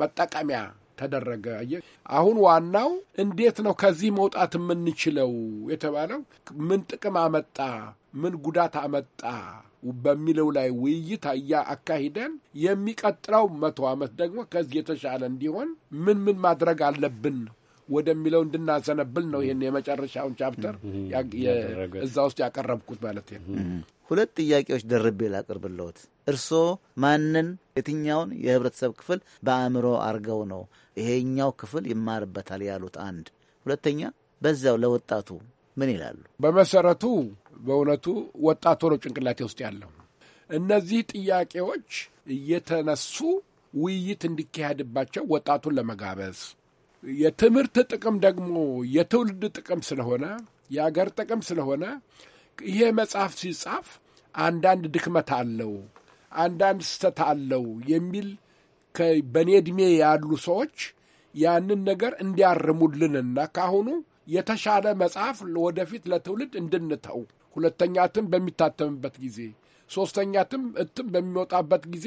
መጠቀሚያ ተደረገ። አሁን ዋናው እንዴት ነው ከዚህ መውጣት የምንችለው የተባለው ምን ጥቅም አመጣ ምን ጉዳት አመጣ በሚለው ላይ ውይይት አያ አካሂደን የሚቀጥለው መቶ ዓመት ደግሞ ከዚህ የተሻለ እንዲሆን ምን ምን ማድረግ አለብን ወደሚለው እንድናዘነብል ነው። ይህን የመጨረሻውን ቻፕተር እዛ ውስጥ ያቀረብኩት ማለት ነው። ሁለት ጥያቄዎች ደርቤ ላቅርብልዎት። እርስዎ ማንን የትኛውን የህብረተሰብ ክፍል በአእምሮ አድርገው ነው ይሄኛው ክፍል ይማርበታል ያሉት? አንድ ሁለተኛ፣ በዚያው ለወጣቱ ምን ይላሉ? በመሰረቱ በእውነቱ ወጣት ሆኖ ጭንቅላቴ ውስጥ ያለው እነዚህ ጥያቄዎች እየተነሱ ውይይት እንዲካሄድባቸው ወጣቱን ለመጋበዝ የትምህርት ጥቅም ደግሞ የትውልድ ጥቅም ስለሆነ የአገር ጥቅም ስለሆነ ይሄ መጽሐፍ ሲጻፍ አንዳንድ ድክመት አለው፣ አንዳንድ ስተት አለው የሚል በእኔ ዕድሜ ያሉ ሰዎች ያንን ነገር እንዲያርሙልንና ካሁኑ የተሻለ መጽሐፍ ወደፊት ለትውልድ እንድንተው ሁለተኛ እትም በሚታተምበት ጊዜ፣ ሶስተኛ እትም በሚወጣበት ጊዜ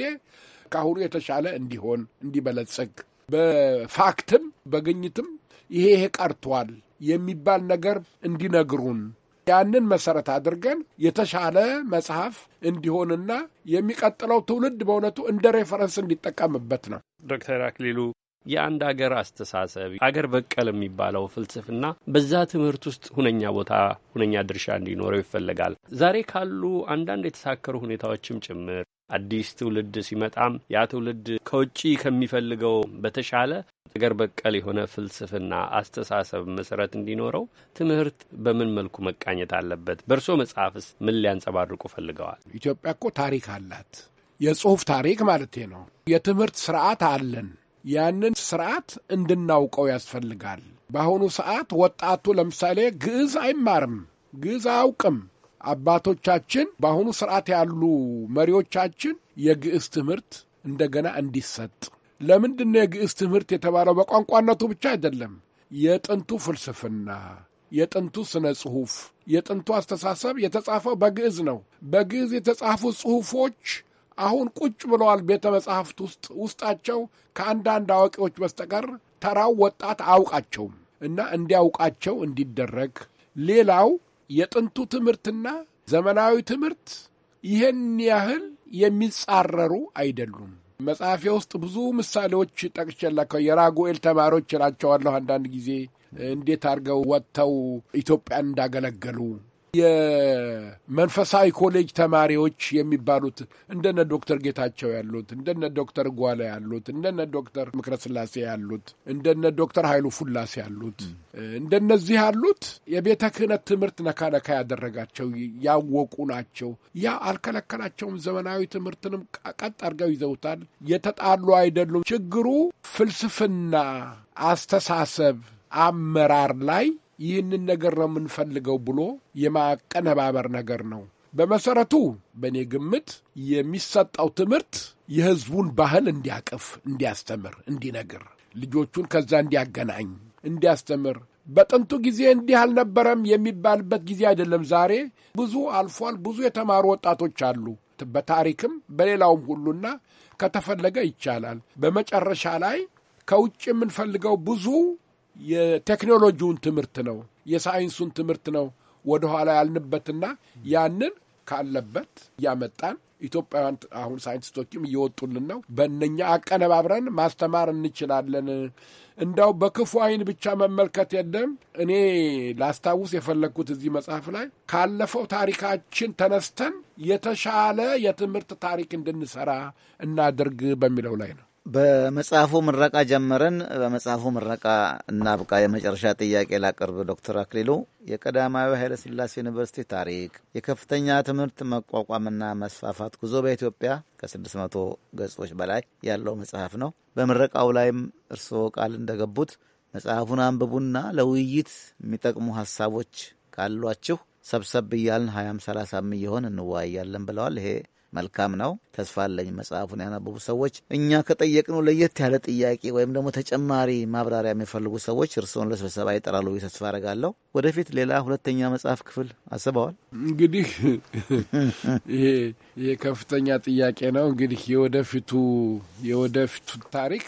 ከአሁኑ የተሻለ እንዲሆን እንዲበለጸግ በፋክትም በግኝትም ይሄ ይሄ ቀርቷል የሚባል ነገር እንዲነግሩን ያንን መሰረት አድርገን የተሻለ መጽሐፍ እንዲሆንና የሚቀጥለው ትውልድ በእውነቱ እንደ ሬፈረንስ እንዲጠቀምበት ነው። ዶክተር አክሊሉ የአንድ አገር አስተሳሰብ አገር በቀል የሚባለው ፍልስፍና በዛ ትምህርት ውስጥ ሁነኛ ቦታ ሁነኛ ድርሻ እንዲኖረው ይፈለጋል። ዛሬ ካሉ አንዳንድ የተሳከሩ ሁኔታዎችም ጭምር አዲስ ትውልድ ሲመጣም ያ ትውልድ ከውጭ ከሚፈልገው በተሻለ አገር በቀል የሆነ ፍልስፍና አስተሳሰብ መሰረት እንዲኖረው ትምህርት በምን መልኩ መቃኘት አለበት? በእርሶ መጽሐፍስ ምን ሊያንጸባርቁ ፈልገዋል? ኢትዮጵያ እኮ ታሪክ አላት። የጽሁፍ ታሪክ ማለት ነው። የትምህርት ስርዓት አለን። ያንን ስርዓት እንድናውቀው ያስፈልጋል። በአሁኑ ሰዓት ወጣቱ ለምሳሌ ግዕዝ አይማርም፣ ግዕዝ አያውቅም። አባቶቻችን በአሁኑ ስርዓት ያሉ መሪዎቻችን የግዕዝ ትምህርት እንደገና እንዲሰጥ ለምንድን ነው የግዕዝ ትምህርት የተባለው? በቋንቋነቱ ብቻ አይደለም። የጥንቱ ፍልስፍና፣ የጥንቱ ስነ ጽሑፍ፣ የጥንቱ አስተሳሰብ የተጻፈው በግዕዝ ነው። በግዕዝ የተጻፉ ጽሑፎች አሁን ቁጭ ብለዋል ቤተ መጽሐፍት ውስጥ ውስጣቸው ከአንዳንድ አዋቂዎች በስተቀር ተራው ወጣት አያውቃቸውም እና እንዲያውቃቸው እንዲደረግ ሌላው የጥንቱ ትምህርትና ዘመናዊ ትምህርት ይህን ያህል የሚጻረሩ አይደሉም። መጽሐፌ ውስጥ ብዙ ምሳሌዎች ጠቅሼላቸው የራጉኤል ተማሪዎች እላቸዋለሁ አንዳንድ ጊዜ እንዴት አድርገው ወጥተው ኢትዮጵያን እንዳገለገሉ የመንፈሳዊ ኮሌጅ ተማሪዎች የሚባሉት እንደነ ዶክተር ጌታቸው ያሉት እንደነ ዶክተር ጓለ ያሉት እንደነ ዶክተር ምክረስላሴ ያሉት እንደነ ዶክተር ኃይሉ ፉላሴ ያሉት እንደነዚህ ያሉት የቤተ ክህነት ትምህርት ነካ ያደረጋቸው ያወቁ ናቸው። ያ አልከለከላቸውም። ዘመናዊ ትምህርትንም ቀጥ አድርገው ይዘውታል። የተጣሉ አይደሉም። ችግሩ ፍልስፍና፣ አስተሳሰብ፣ አመራር ላይ ይህንን ነገር ነው የምንፈልገው ብሎ የማቀነባበር ነገር ነው። በመሰረቱ በእኔ ግምት የሚሰጠው ትምህርት የህዝቡን ባህል እንዲያቅፍ፣ እንዲያስተምር፣ እንዲነግር፣ ልጆቹን ከዛ እንዲያገናኝ፣ እንዲያስተምር በጥንቱ ጊዜ እንዲህ አልነበረም የሚባልበት ጊዜ አይደለም። ዛሬ ብዙ አልፏል። ብዙ የተማሩ ወጣቶች አሉ፣ በታሪክም በሌላውም ሁሉና ከተፈለገ ይቻላል። በመጨረሻ ላይ ከውጭ የምንፈልገው ብዙ የቴክኖሎጂውን ትምህርት ነው፣ የሳይንሱን ትምህርት ነው ወደ ኋላ ያልንበትና ያንን ካለበት እያመጣን ኢትዮጵያውያን አሁን ሳይንቲስቶችም እየወጡልን ነው። በእነኛ አቀነባብረን ማስተማር እንችላለን። እንዳው በክፉ አይን ብቻ መመልከት የለም። እኔ ላስታውስ የፈለግኩት እዚህ መጽሐፍ ላይ ካለፈው ታሪካችን ተነስተን የተሻለ የትምህርት ታሪክ እንድንሰራ እናድርግ በሚለው ላይ ነው። በመጽሐፉ ምረቃ ጀመረን። በመጽሐፉ ምረቃ እናብቃ። የመጨረሻ ጥያቄ ላቅርብ። ዶክተር አክሊሉ የቀዳማዊ ኃይለሥላሴ ዩኒቨርሲቲ ታሪክ፣ የከፍተኛ ትምህርት መቋቋምና መስፋፋት ጉዞ በኢትዮጵያ ከ600 ገጾች በላይ ያለው መጽሐፍ ነው። በምረቃው ላይም እርስዎ ቃል እንደገቡት መጽሐፉን አንብቡና ለውይይት የሚጠቅሙ ሀሳቦች ካሏችሁ ሰብሰብ እያልን ሀያም ሰላሳም እየሆን እንወያያለን ብለዋል። ይሄ መልካም ነው። ተስፋ አለኝ መጽሐፉን ያነበቡ ሰዎች እኛ ከጠየቅነው ለየት ያለ ጥያቄ ወይም ደግሞ ተጨማሪ ማብራሪያ የሚፈልጉ ሰዎች እርስዎን ለስብሰባ ይጠራሉ ብዬ ተስፋ አደርጋለሁ። ወደፊት ሌላ ሁለተኛ መጽሐፍ ክፍል አስበዋል? እንግዲህ ይሄ የከፍተኛ ጥያቄ ነው። እንግዲህ የወደፊቱ የወደፊቱ ታሪክ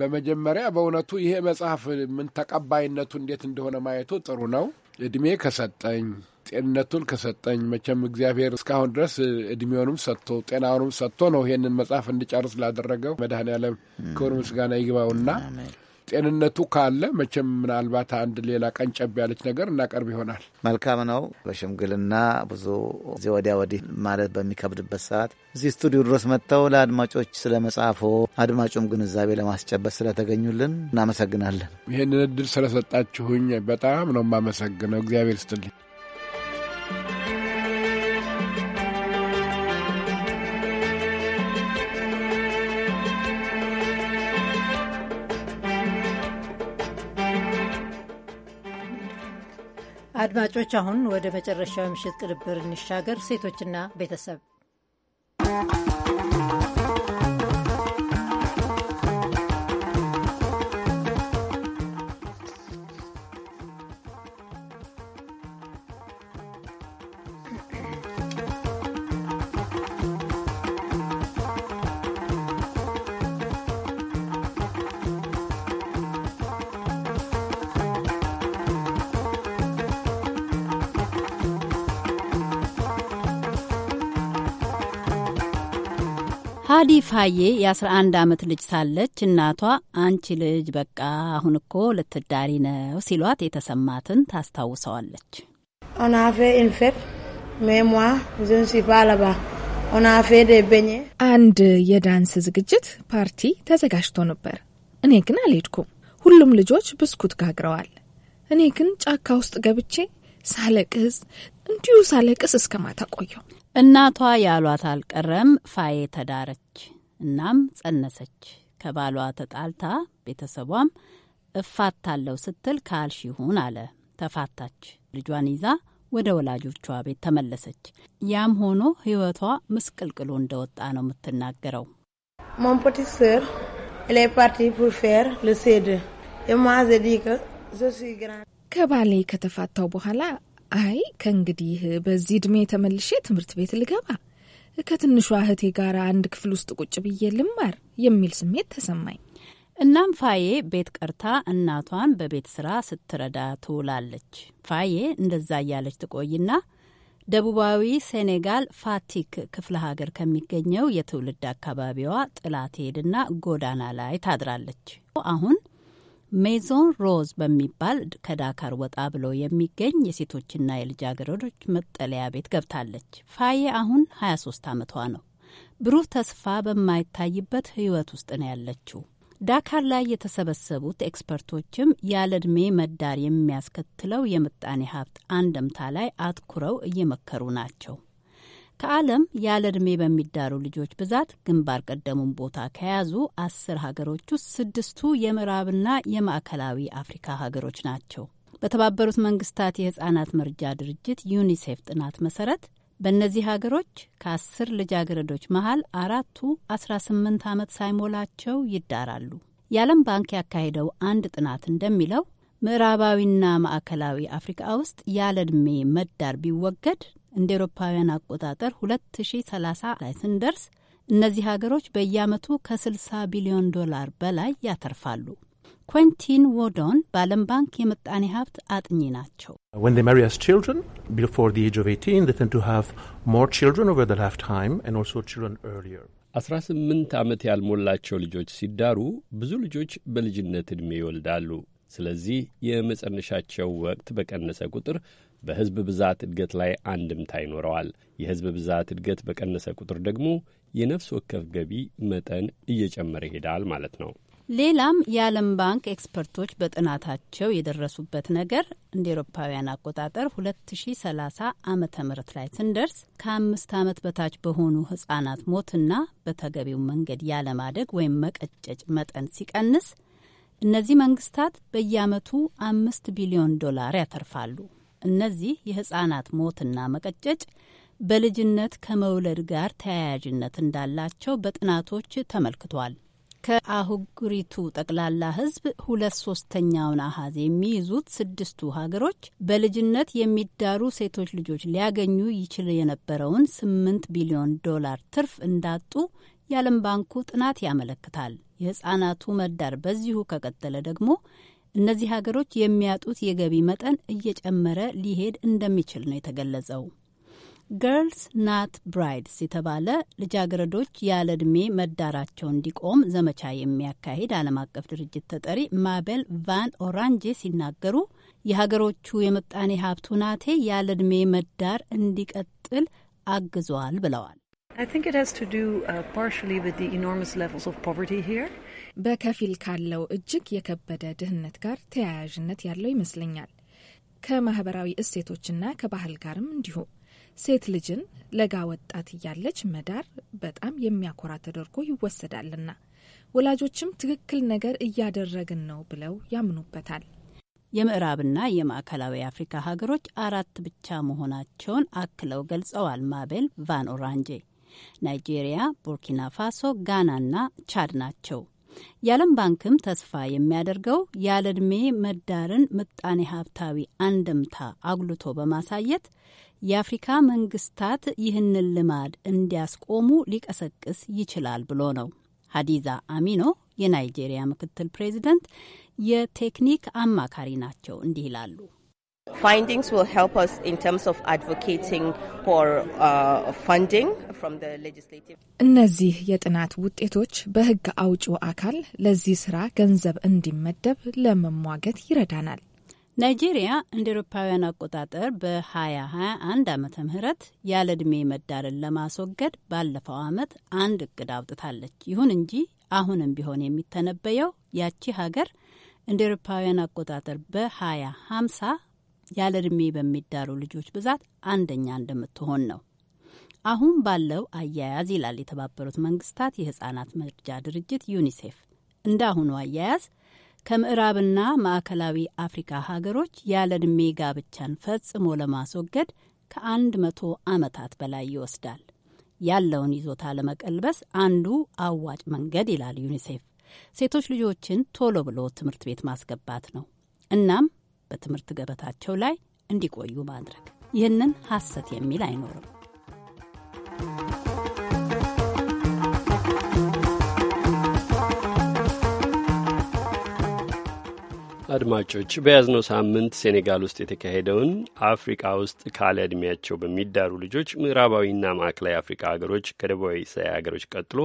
በመጀመሪያ በእውነቱ ይሄ መጽሐፍ ምን ተቀባይነቱ እንዴት እንደሆነ ማየቱ ጥሩ ነው። እድሜ ከሰጠኝ ጤንነቱን ከሰጠኝ መቼም እግዚአብሔር እስካሁን ድረስ እድሜውንም ሰጥቶ ጤናውንም ሰጥቶ ነው ይሄንን መጽሐፍ እንድጨርስ ላደረገው መድኃኔዓለም ክብር ምስጋና ይግባውና ጤንነቱ ካለ መቼም ምናልባት አንድ ሌላ ቀን ጨብ ያለች ነገር እናቀርብ ይሆናል። መልካም ነው። በሽምግልና ብዙ እዚህ ወዲያ ወዲህ ማለት በሚከብድበት ሰዓት እዚህ ስቱዲዮ ድረስ መጥተው ለአድማጮች ስለ መጽሐፎ አድማጩም ግንዛቤ ለማስጨበጥ ስለተገኙልን እናመሰግናለን። ይህንን እድል ስለሰጣችሁኝ በጣም ነው የማመሰግነው። እግዚአብሔር ስትልኝ አድማጮች፣ አሁን ወደ መጨረሻው ምሽት ቅንብር እንሻገር። ሴቶችና ቤተሰብ ሀዲ ፋዬ የ11 ዓመት ልጅ ሳለች እናቷ አንቺ ልጅ በቃ አሁን እኮ ልትዳሪ ነው ሲሏት የተሰማትን ታስታውሰዋለች። አንድ የዳንስ ዝግጅት ፓርቲ ተዘጋጅቶ ነበር። እኔ ግን አልሄድኩም። ሁሉም ልጆች ብስኩት ጋግረዋል። እኔ ግን ጫካ ውስጥ ገብቼ ሳለቅስ እንዲሁ ሳለቅስ እስከ ማታ ቆየው። እናቷ ያሏት አልቀረም ፋዬ ተዳረች። እናም ጸነሰች። ከባሏ ተጣልታ ቤተሰቧም እፋታለው ስትል ካልሽ ይሁን አለ። ተፋታች። ልጇን ይዛ ወደ ወላጆቿ ቤት ተመለሰች። ያም ሆኖ ሕይወቷ ምስቅልቅሎ እንደወጣ ነው የምትናገረው። ከባሌ ከተፋታው በኋላ አይ ከእንግዲህ በዚህ እድሜ ተመልሼ ትምህርት ቤት ልገባ ከትንሿ እህቴ ጋር አንድ ክፍል ውስጥ ቁጭ ብዬ ልማር የሚል ስሜት ተሰማኝ። እናም ፋዬ ቤት ቀርታ እናቷን በቤት ስራ ስትረዳ ትውላለች። ፋዬ እንደዛ እያለች ትቆይና ደቡባዊ ሴኔጋል ፋቲክ ክፍለ ሀገር ከሚገኘው የትውልድ አካባቢዋ ጥላ ትሄድና ጎዳና ላይ ታድራለች። አሁን ሜዞን ሮዝ በሚባል ከዳካር ወጣ ብሎ የሚገኝ የሴቶችና የልጃገረዶች መጠለያ ቤት ገብታለች። ፋዬ አሁን 23 ዓመቷ ነው። ብሩህ ተስፋ በማይታይበት ህይወት ውስጥ ነው ያለችው። ዳካር ላይ የተሰበሰቡት ኤክስፐርቶችም ያለ ዕድሜ መዳር የሚያስከትለው የምጣኔ ሀብት አንድምታ ላይ አትኩረው እየመከሩ ናቸው። ከዓለም ያለ ዕድሜ በሚዳሩ ልጆች ብዛት ግንባር ቀደሙን ቦታ ከያዙ አስር ሀገሮች ውስጥ ስድስቱ የምዕራብና የማዕከላዊ አፍሪካ ሀገሮች ናቸው። በተባበሩት መንግስታት የህጻናት መርጃ ድርጅት ዩኒሴፍ ጥናት መሰረት በእነዚህ ሀገሮች ከአስር ልጃገረዶች መሀል አራቱ 18 ዓመት ሳይሞላቸው ይዳራሉ። የዓለም ባንክ ያካሄደው አንድ ጥናት እንደሚለው ምዕራባዊና ማዕከላዊ አፍሪካ ውስጥ ያለ ዕድሜ መዳር ቢወገድ እንደ ኤሮፓውያን አቆጣጠር 2030 ላይ ስንደርስ እነዚህ ሀገሮች በየአመቱ ከ60 ቢሊዮን ዶላር በላይ ያተርፋሉ። ኮንቲን ዎዶን በዓለም ባንክ የምጣኔ ሀብት አጥኚ ናቸው። አስራ ስምንት ዓመት ያልሞላቸው ልጆች ሲዳሩ ብዙ ልጆች በልጅነት ዕድሜ ይወልዳሉ። ስለዚህ የመጸነሻቸው ወቅት በቀነሰ ቁጥር በሕዝብ ብዛት እድገት ላይ አንድምታ ይኖረዋል። የሕዝብ ብዛት እድገት በቀነሰ ቁጥር ደግሞ የነፍስ ወከፍ ገቢ መጠን እየጨመረ ይሄዳል ማለት ነው። ሌላም የዓለም ባንክ ኤክስፐርቶች በጥናታቸው የደረሱበት ነገር እንደ ኤሮፓውያን አቆጣጠር 2030 ዓመተ ምህረት ላይ ስንደርስ ከአምስት ዓመት በታች በሆኑ ህጻናት ሞትና በተገቢው መንገድ ያለማደግ ወይም መቀጨጭ መጠን ሲቀንስ እነዚህ መንግስታት በየአመቱ አምስት ቢሊዮን ዶላር ያተርፋሉ። እነዚህ የህጻናት ሞትና መቀጨጭ በልጅነት ከመውለድ ጋር ተያያዥነት እንዳላቸው በጥናቶች ተመልክቷል። ከአህጉሪቱ ጠቅላላ ህዝብ ሁለት ሶስተኛውን አሀዝ የሚይዙት ስድስቱ ሀገሮች በልጅነት የሚዳሩ ሴቶች ልጆች ሊያገኙ ይችል የነበረውን ስምንት ቢሊዮን ዶላር ትርፍ እንዳጡ የዓለም ባንኩ ጥናት ያመለክታል። የህጻናቱ መዳር በዚሁ ከቀጠለ ደግሞ እነዚህ ሀገሮች የሚያጡት የገቢ መጠን እየጨመረ ሊሄድ እንደሚችል ነው የተገለጸው። ገርልስ ናት ብራይድስ የተባለ ልጃገረዶች ያለ ዕድሜ መዳራቸው እንዲቆም ዘመቻ የሚያካሂድ ዓለም አቀፍ ድርጅት ተጠሪ ማቤል ቫን ኦራንጄ ሲናገሩ የሀገሮቹ የምጣኔ ሀብት ሁናቴ ያለ ዕድሜ መዳር እንዲቀጥል አግዟል ብለዋል። በከፊል ካለው እጅግ የከበደ ድህነት ጋር ተያያዥነት ያለው ይመስለኛል። ከማህበራዊ እሴቶችና ከባህል ጋርም እንዲሁ። ሴት ልጅን ለጋ ወጣት እያለች መዳር በጣም የሚያኮራ ተደርጎ ይወሰዳልና ወላጆችም ትክክል ነገር እያደረግን ነው ብለው ያምኑበታል። የምዕራብና የማዕከላዊ አፍሪካ ሀገሮች አራት ብቻ መሆናቸውን አክለው ገልጸዋል ማቤል ቫን ኦራንጄ። ናይጄሪያ፣ ቡርኪና ፋሶ፣ ጋናና ቻድ ናቸው። የዓለም ባንክም ተስፋ የሚያደርገው ያለ ዕድሜ መዳርን ምጣኔ ሀብታዊ አንድምታ አጉልቶ በማሳየት የአፍሪካ መንግስታት ይህንን ልማድ እንዲያስቆሙ ሊቀሰቅስ ይችላል ብሎ ነው። ሀዲዛ አሚኖ የናይጄሪያ ምክትል ፕሬዚደንት የቴክኒክ አማካሪ ናቸው። እንዲህ ይላሉ። እነዚህ የጥናት ውጤቶች በህግ አውጪው አካል ለዚህ ስራ ገንዘብ እንዲመደብ ለመሟገት ይረዳናል። ናይጄሪያ እንደ ኤሮፓውያን አቆጣጠር በ2021 ዓመተ ምህረት ያለ ዕድሜ መዳርን ለማስወገድ ባለፈው አመት አንድ እቅድ አውጥታለች። ይሁን እንጂ አሁንም ቢሆን የሚተነበየው ያቺ ሀገር እንደ ኤሮፓውያን አቆጣጠር በ2050 ያለ በሚዳሩ ልጆች ብዛት አንደኛ እንደምትሆን ነው። አሁን ባለው አያያዝ ይላል የተባበሩት መንግስታት የህጻናት መርጃ ድርጅት ዩኒሴፍ፣ እንደ አሁኑ አያያዝ ከምዕራብና ማዕከላዊ አፍሪካ ሀገሮች ያለ ጋብቻን ፈጽሞ ለማስወገድ ከአንድ መቶ ዓመታት በላይ ይወስዳል። ያለውን ይዞታ ለመቀልበስ አንዱ አዋጭ መንገድ ይላል ዩኒሴፍ ሴቶች ልጆችን ቶሎ ብሎ ትምህርት ቤት ማስገባት ነው። እናም በትምህርት ገበታቸው ላይ እንዲቆዩ ማድረግ። ይህንን ሐሰት የሚል አይኖርም። አድማጮች በያዝነው ሳምንት ሴኔጋል ውስጥ የተካሄደውን አፍሪቃ ውስጥ ካለ ዕድሜያቸው በሚዳሩ ልጆች ምዕራባዊና ማዕከላዊ አፍሪካ ሀገሮች ከደቡባዊ እስያ ሀገሮች ቀጥሎ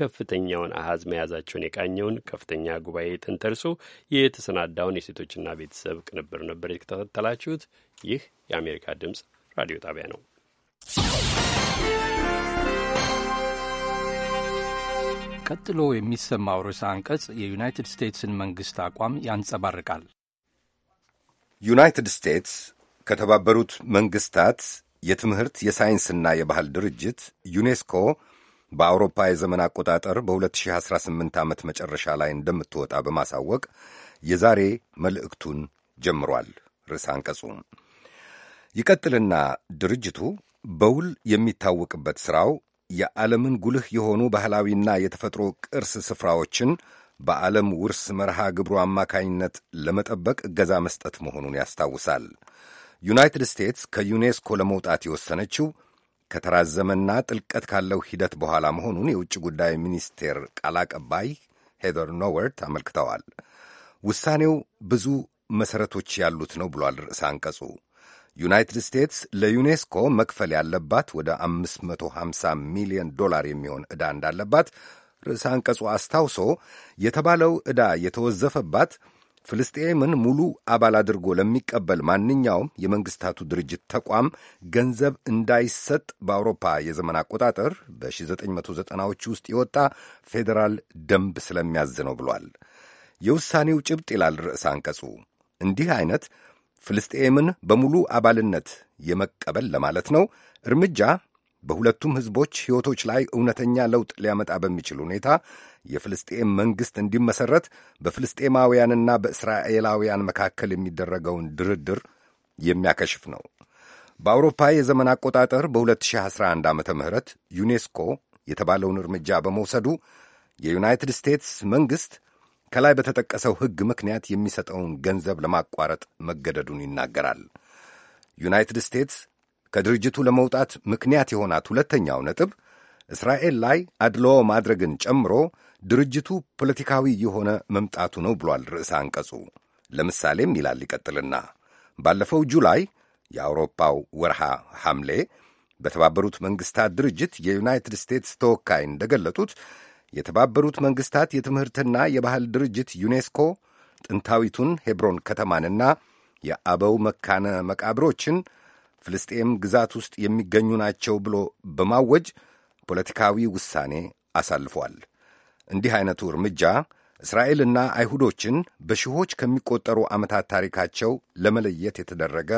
ከፍተኛውን አሀዝ መያዛቸውን የቃኘውን ከፍተኛ ጉባኤ ተንተርሶ የተሰናዳውን የሴቶችና ቤተሰብ ቅንብር ነበር የተከታተላችሁት። ይህ የአሜሪካ ድምጽ ራዲዮ ጣቢያ ነው። ቀጥሎ የሚሰማው ርዕሰ አንቀጽ የዩናይትድ ስቴትስን መንግሥት አቋም ያንጸባርቃል። ዩናይትድ ስቴትስ ከተባበሩት መንግሥታት የትምህርት የሳይንስና የባህል ድርጅት ዩኔስኮ በአውሮፓ የዘመን አቆጣጠር በ2018 ዓመት መጨረሻ ላይ እንደምትወጣ በማሳወቅ የዛሬ መልእክቱን ጀምሯል። ርዕሰ አንቀጹ ይቀጥልና ድርጅቱ በውል የሚታወቅበት ሥራው የዓለምን ጉልህ የሆኑ ባህላዊና የተፈጥሮ ቅርስ ስፍራዎችን በዓለም ውርስ መርሃ ግብሩ አማካኝነት ለመጠበቅ እገዛ መስጠት መሆኑን ያስታውሳል። ዩናይትድ ስቴትስ ከዩኔስኮ ለመውጣት የወሰነችው ከተራዘመና ጥልቀት ካለው ሂደት በኋላ መሆኑን የውጭ ጉዳይ ሚኒስቴር ቃል አቀባይ ሄደር ኖወርት አመልክተዋል። ውሳኔው ብዙ መሠረቶች ያሉት ነው ብሏል ርዕሰ አንቀጹ። ዩናይትድ ስቴትስ ለዩኔስኮ መክፈል ያለባት ወደ 550 ሚሊዮን ዶላር የሚሆን ዕዳ እንዳለባት ርዕሰ አንቀጹ አስታውሶ የተባለው ዕዳ የተወዘፈባት ፍልስጤምን ሙሉ አባል አድርጎ ለሚቀበል ማንኛውም የመንግሥታቱ ድርጅት ተቋም ገንዘብ እንዳይሰጥ በአውሮፓ የዘመን አቆጣጠር በ1990ዎች ውስጥ የወጣ ፌዴራል ደንብ ስለሚያዝ ነው ብሏል። የውሳኔው ጭብጥ ይላል ርዕሰ አንቀጹ እንዲህ አይነት ፍልስጤምን በሙሉ አባልነት የመቀበል ለማለት ነው እርምጃ በሁለቱም ሕዝቦች ሕይወቶች ላይ እውነተኛ ለውጥ ሊያመጣ በሚችል ሁኔታ የፍልስጤም መንግሥት እንዲመሠረት በፍልስጤማውያንና በእስራኤላውያን መካከል የሚደረገውን ድርድር የሚያከሽፍ ነው። በአውሮፓ የዘመን አቆጣጠር በ2011 ዓ ም ዩኔስኮ የተባለውን እርምጃ በመውሰዱ የዩናይትድ ስቴትስ መንግሥት ከላይ በተጠቀሰው ሕግ ምክንያት የሚሰጠውን ገንዘብ ለማቋረጥ መገደዱን ይናገራል። ዩናይትድ ስቴትስ ከድርጅቱ ለመውጣት ምክንያት የሆናት ሁለተኛው ነጥብ እስራኤል ላይ አድሎ ማድረግን ጨምሮ ድርጅቱ ፖለቲካዊ የሆነ መምጣቱ ነው ብሏል ርዕሰ አንቀጹ። ለምሳሌም ይላል ይቀጥልና ባለፈው ጁላይ የአውሮፓው ወርሃ ሐምሌ በተባበሩት መንግስታት ድርጅት የዩናይትድ ስቴትስ ተወካይ እንደገለጡት የተባበሩት መንግሥታት የትምህርትና የባህል ድርጅት ዩኔስኮ ጥንታዊቱን ሄብሮን ከተማንና የአበው መካነ መቃብሮችን ፍልስጤም ግዛት ውስጥ የሚገኙ ናቸው ብሎ በማወጅ ፖለቲካዊ ውሳኔ አሳልፏል። እንዲህ ዐይነቱ እርምጃ እስራኤልና አይሁዶችን በሺዎች ከሚቆጠሩ ዓመታት ታሪካቸው ለመለየት የተደረገ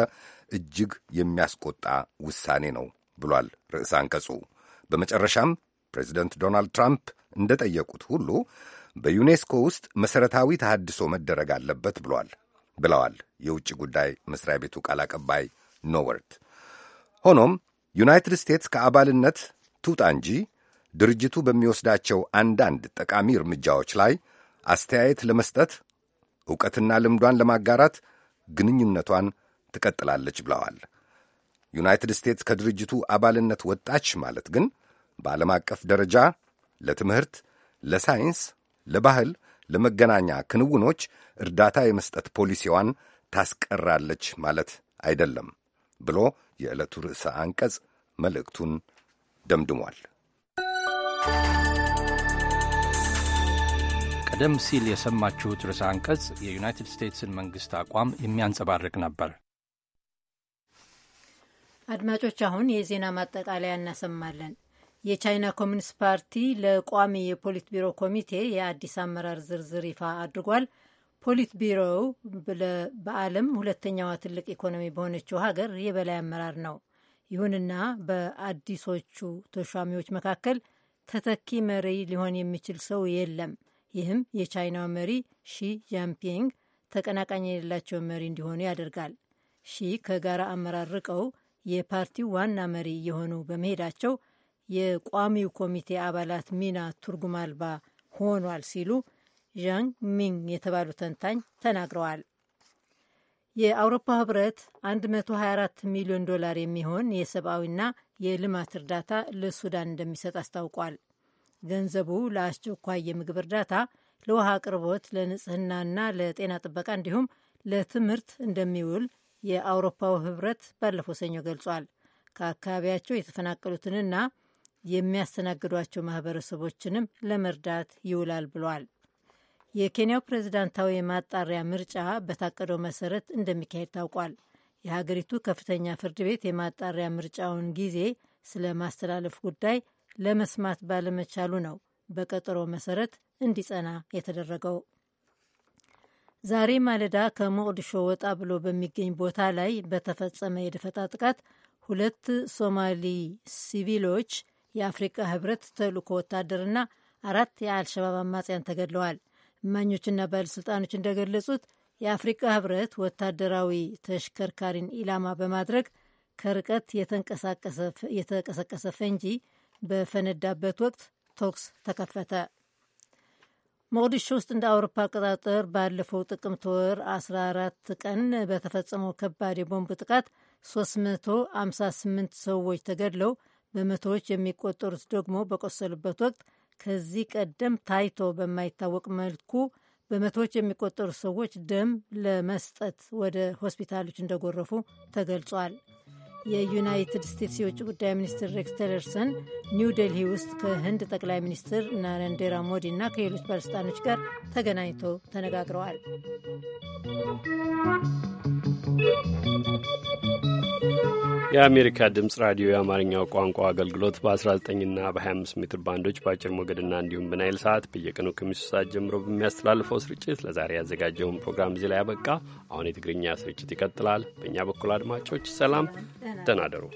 እጅግ የሚያስቆጣ ውሳኔ ነው ብሏል ርዕሰ አንቀጹ። በመጨረሻም ፕሬዚደንት ዶናልድ ትራምፕ እንደጠየቁት ሁሉ በዩኔስኮ ውስጥ መሠረታዊ ተሃድሶ መደረግ አለበት ብሏል ብለዋል የውጭ ጉዳይ መስሪያ ቤቱ ቃል አቀባይ ኖወርት። ሆኖም ዩናይትድ ስቴትስ ከአባልነት ትውጣ እንጂ ድርጅቱ በሚወስዳቸው አንዳንድ ጠቃሚ እርምጃዎች ላይ አስተያየት ለመስጠት እውቀትና ልምዷን ለማጋራት ግንኙነቷን ትቀጥላለች ብለዋል። ዩናይትድ ስቴትስ ከድርጅቱ አባልነት ወጣች ማለት ግን በዓለም አቀፍ ደረጃ ለትምህርት፣ ለሳይንስ፣ ለባህል፣ ለመገናኛ ክንውኖች እርዳታ የመስጠት ፖሊሲዋን ታስቀራለች ማለት አይደለም ብሎ የዕለቱ ርዕሰ አንቀጽ መልእክቱን ደምድሟል። ቀደም ሲል የሰማችሁት ርዕሰ አንቀጽ የዩናይትድ ስቴትስን መንግሥት አቋም የሚያንጸባርቅ ነበር። አድማጮች፣ አሁን የዜና ማጠቃለያ እናሰማለን። የቻይና ኮሚኒስት ፓርቲ ለቋሚ የፖሊት ቢሮ ኮሚቴ የአዲስ አመራር ዝርዝር ይፋ አድርጓል። ፖሊት ቢሮው በዓለም ሁለተኛዋ ትልቅ ኢኮኖሚ በሆነችው ሀገር የበላይ አመራር ነው። ይሁንና በአዲሶቹ ተሿሚዎች መካከል ተተኪ መሪ ሊሆን የሚችል ሰው የለም። ይህም የቻይናው መሪ ሺ ጂንፒንግ ተቀናቃኝ የሌላቸው መሪ እንዲሆኑ ያደርጋል። ሺ ከጋራ አመራር ርቀው የፓርቲው ዋና መሪ እየሆኑ በመሄዳቸው የቋሚው ኮሚቴ አባላት ሚና ትርጉም አልባ ሆኗል ሲሉ ዣንግ ሚንግ የተባሉ ተንታኝ ተናግረዋል። የአውሮፓ ህብረት 124 ሚሊዮን ዶላር የሚሆን የሰብአዊና የልማት እርዳታ ለሱዳን እንደሚሰጥ አስታውቋል። ገንዘቡ ለአስቸኳይ የምግብ እርዳታ፣ ለውሃ አቅርቦት፣ ለንጽህናና ለጤና ጥበቃ እንዲሁም ለትምህርት እንደሚውል የአውሮፓው ህብረት ባለፈው ሰኞ ገልጿል። ከአካባቢያቸው የተፈናቀሉትንና የሚያስተናግዷቸው ማህበረሰቦችንም ለመርዳት ይውላል ብሏል። የኬንያው ፕሬዝዳንታዊ የማጣሪያ ምርጫ በታቀደው መሰረት እንደሚካሄድ ታውቋል። የሀገሪቱ ከፍተኛ ፍርድ ቤት የማጣሪያ ምርጫውን ጊዜ ስለ ማስተላለፍ ጉዳይ ለመስማት ባለመቻሉ ነው በቀጠሮ መሰረት እንዲጸና የተደረገው። ዛሬ ማለዳ ከሞቅዲሾ ወጣ ብሎ በሚገኝ ቦታ ላይ በተፈጸመ የደፈጣ ጥቃት ሁለት ሶማሊ ሲቪሎች የአፍሪቃ ህብረት ተልእኮ ወታደርና አራት የአልሸባብ አማጽያን ተገድለዋል። እማኞችና ባለሥልጣኖች እንደገለጹት የአፍሪቃ ህብረት ወታደራዊ ተሽከርካሪን ኢላማ በማድረግ ከርቀት የተቀሰቀሰ ፈንጂ በፈነዳበት ወቅት ተኩስ ተከፈተ። ሞቅዲሾ ውስጥ እንደ አውሮፓ አቆጣጠር ባለፈው ጥቅምት ወር 14 ቀን በተፈጸመው ከባድ የቦምብ ጥቃት 358 ሰዎች ተገድለው በመቶዎች የሚቆጠሩት ደግሞ በቆሰሉበት ወቅት ከዚህ ቀደም ታይቶ በማይታወቅ መልኩ በመቶዎች የሚቆጠሩ ሰዎች ደም ለመስጠት ወደ ሆስፒታሎች እንደጎረፉ ተገልጿል። የዩናይትድ ስቴትስ የውጭ ጉዳይ ሚኒስትር ሬክስ ቲለርሰን ኒው ዴልሂ ውስጥ ከህንድ ጠቅላይ ሚኒስትር ናረንዴራ ሞዲ እና ከሌሎች ባለሥልጣኖች ጋር ተገናኝተው ተነጋግረዋል። የአሜሪካ ድምፅ ራዲዮ የአማርኛው ቋንቋ አገልግሎት በ19ና በ25 ሜትር ባንዶች በአጭር ሞገድና እንዲሁም በናይል ሰዓት በየቀኑ ከምሽቱ ሰዓት ጀምሮ በሚያስተላልፈው ስርጭት ለዛሬ ያዘጋጀውን ፕሮግራም እዚህ ላይ ያበቃ። አሁን የትግርኛ ስርጭት ይቀጥላል። በእኛ በኩል አድማጮች ሰላም ተናደሩ።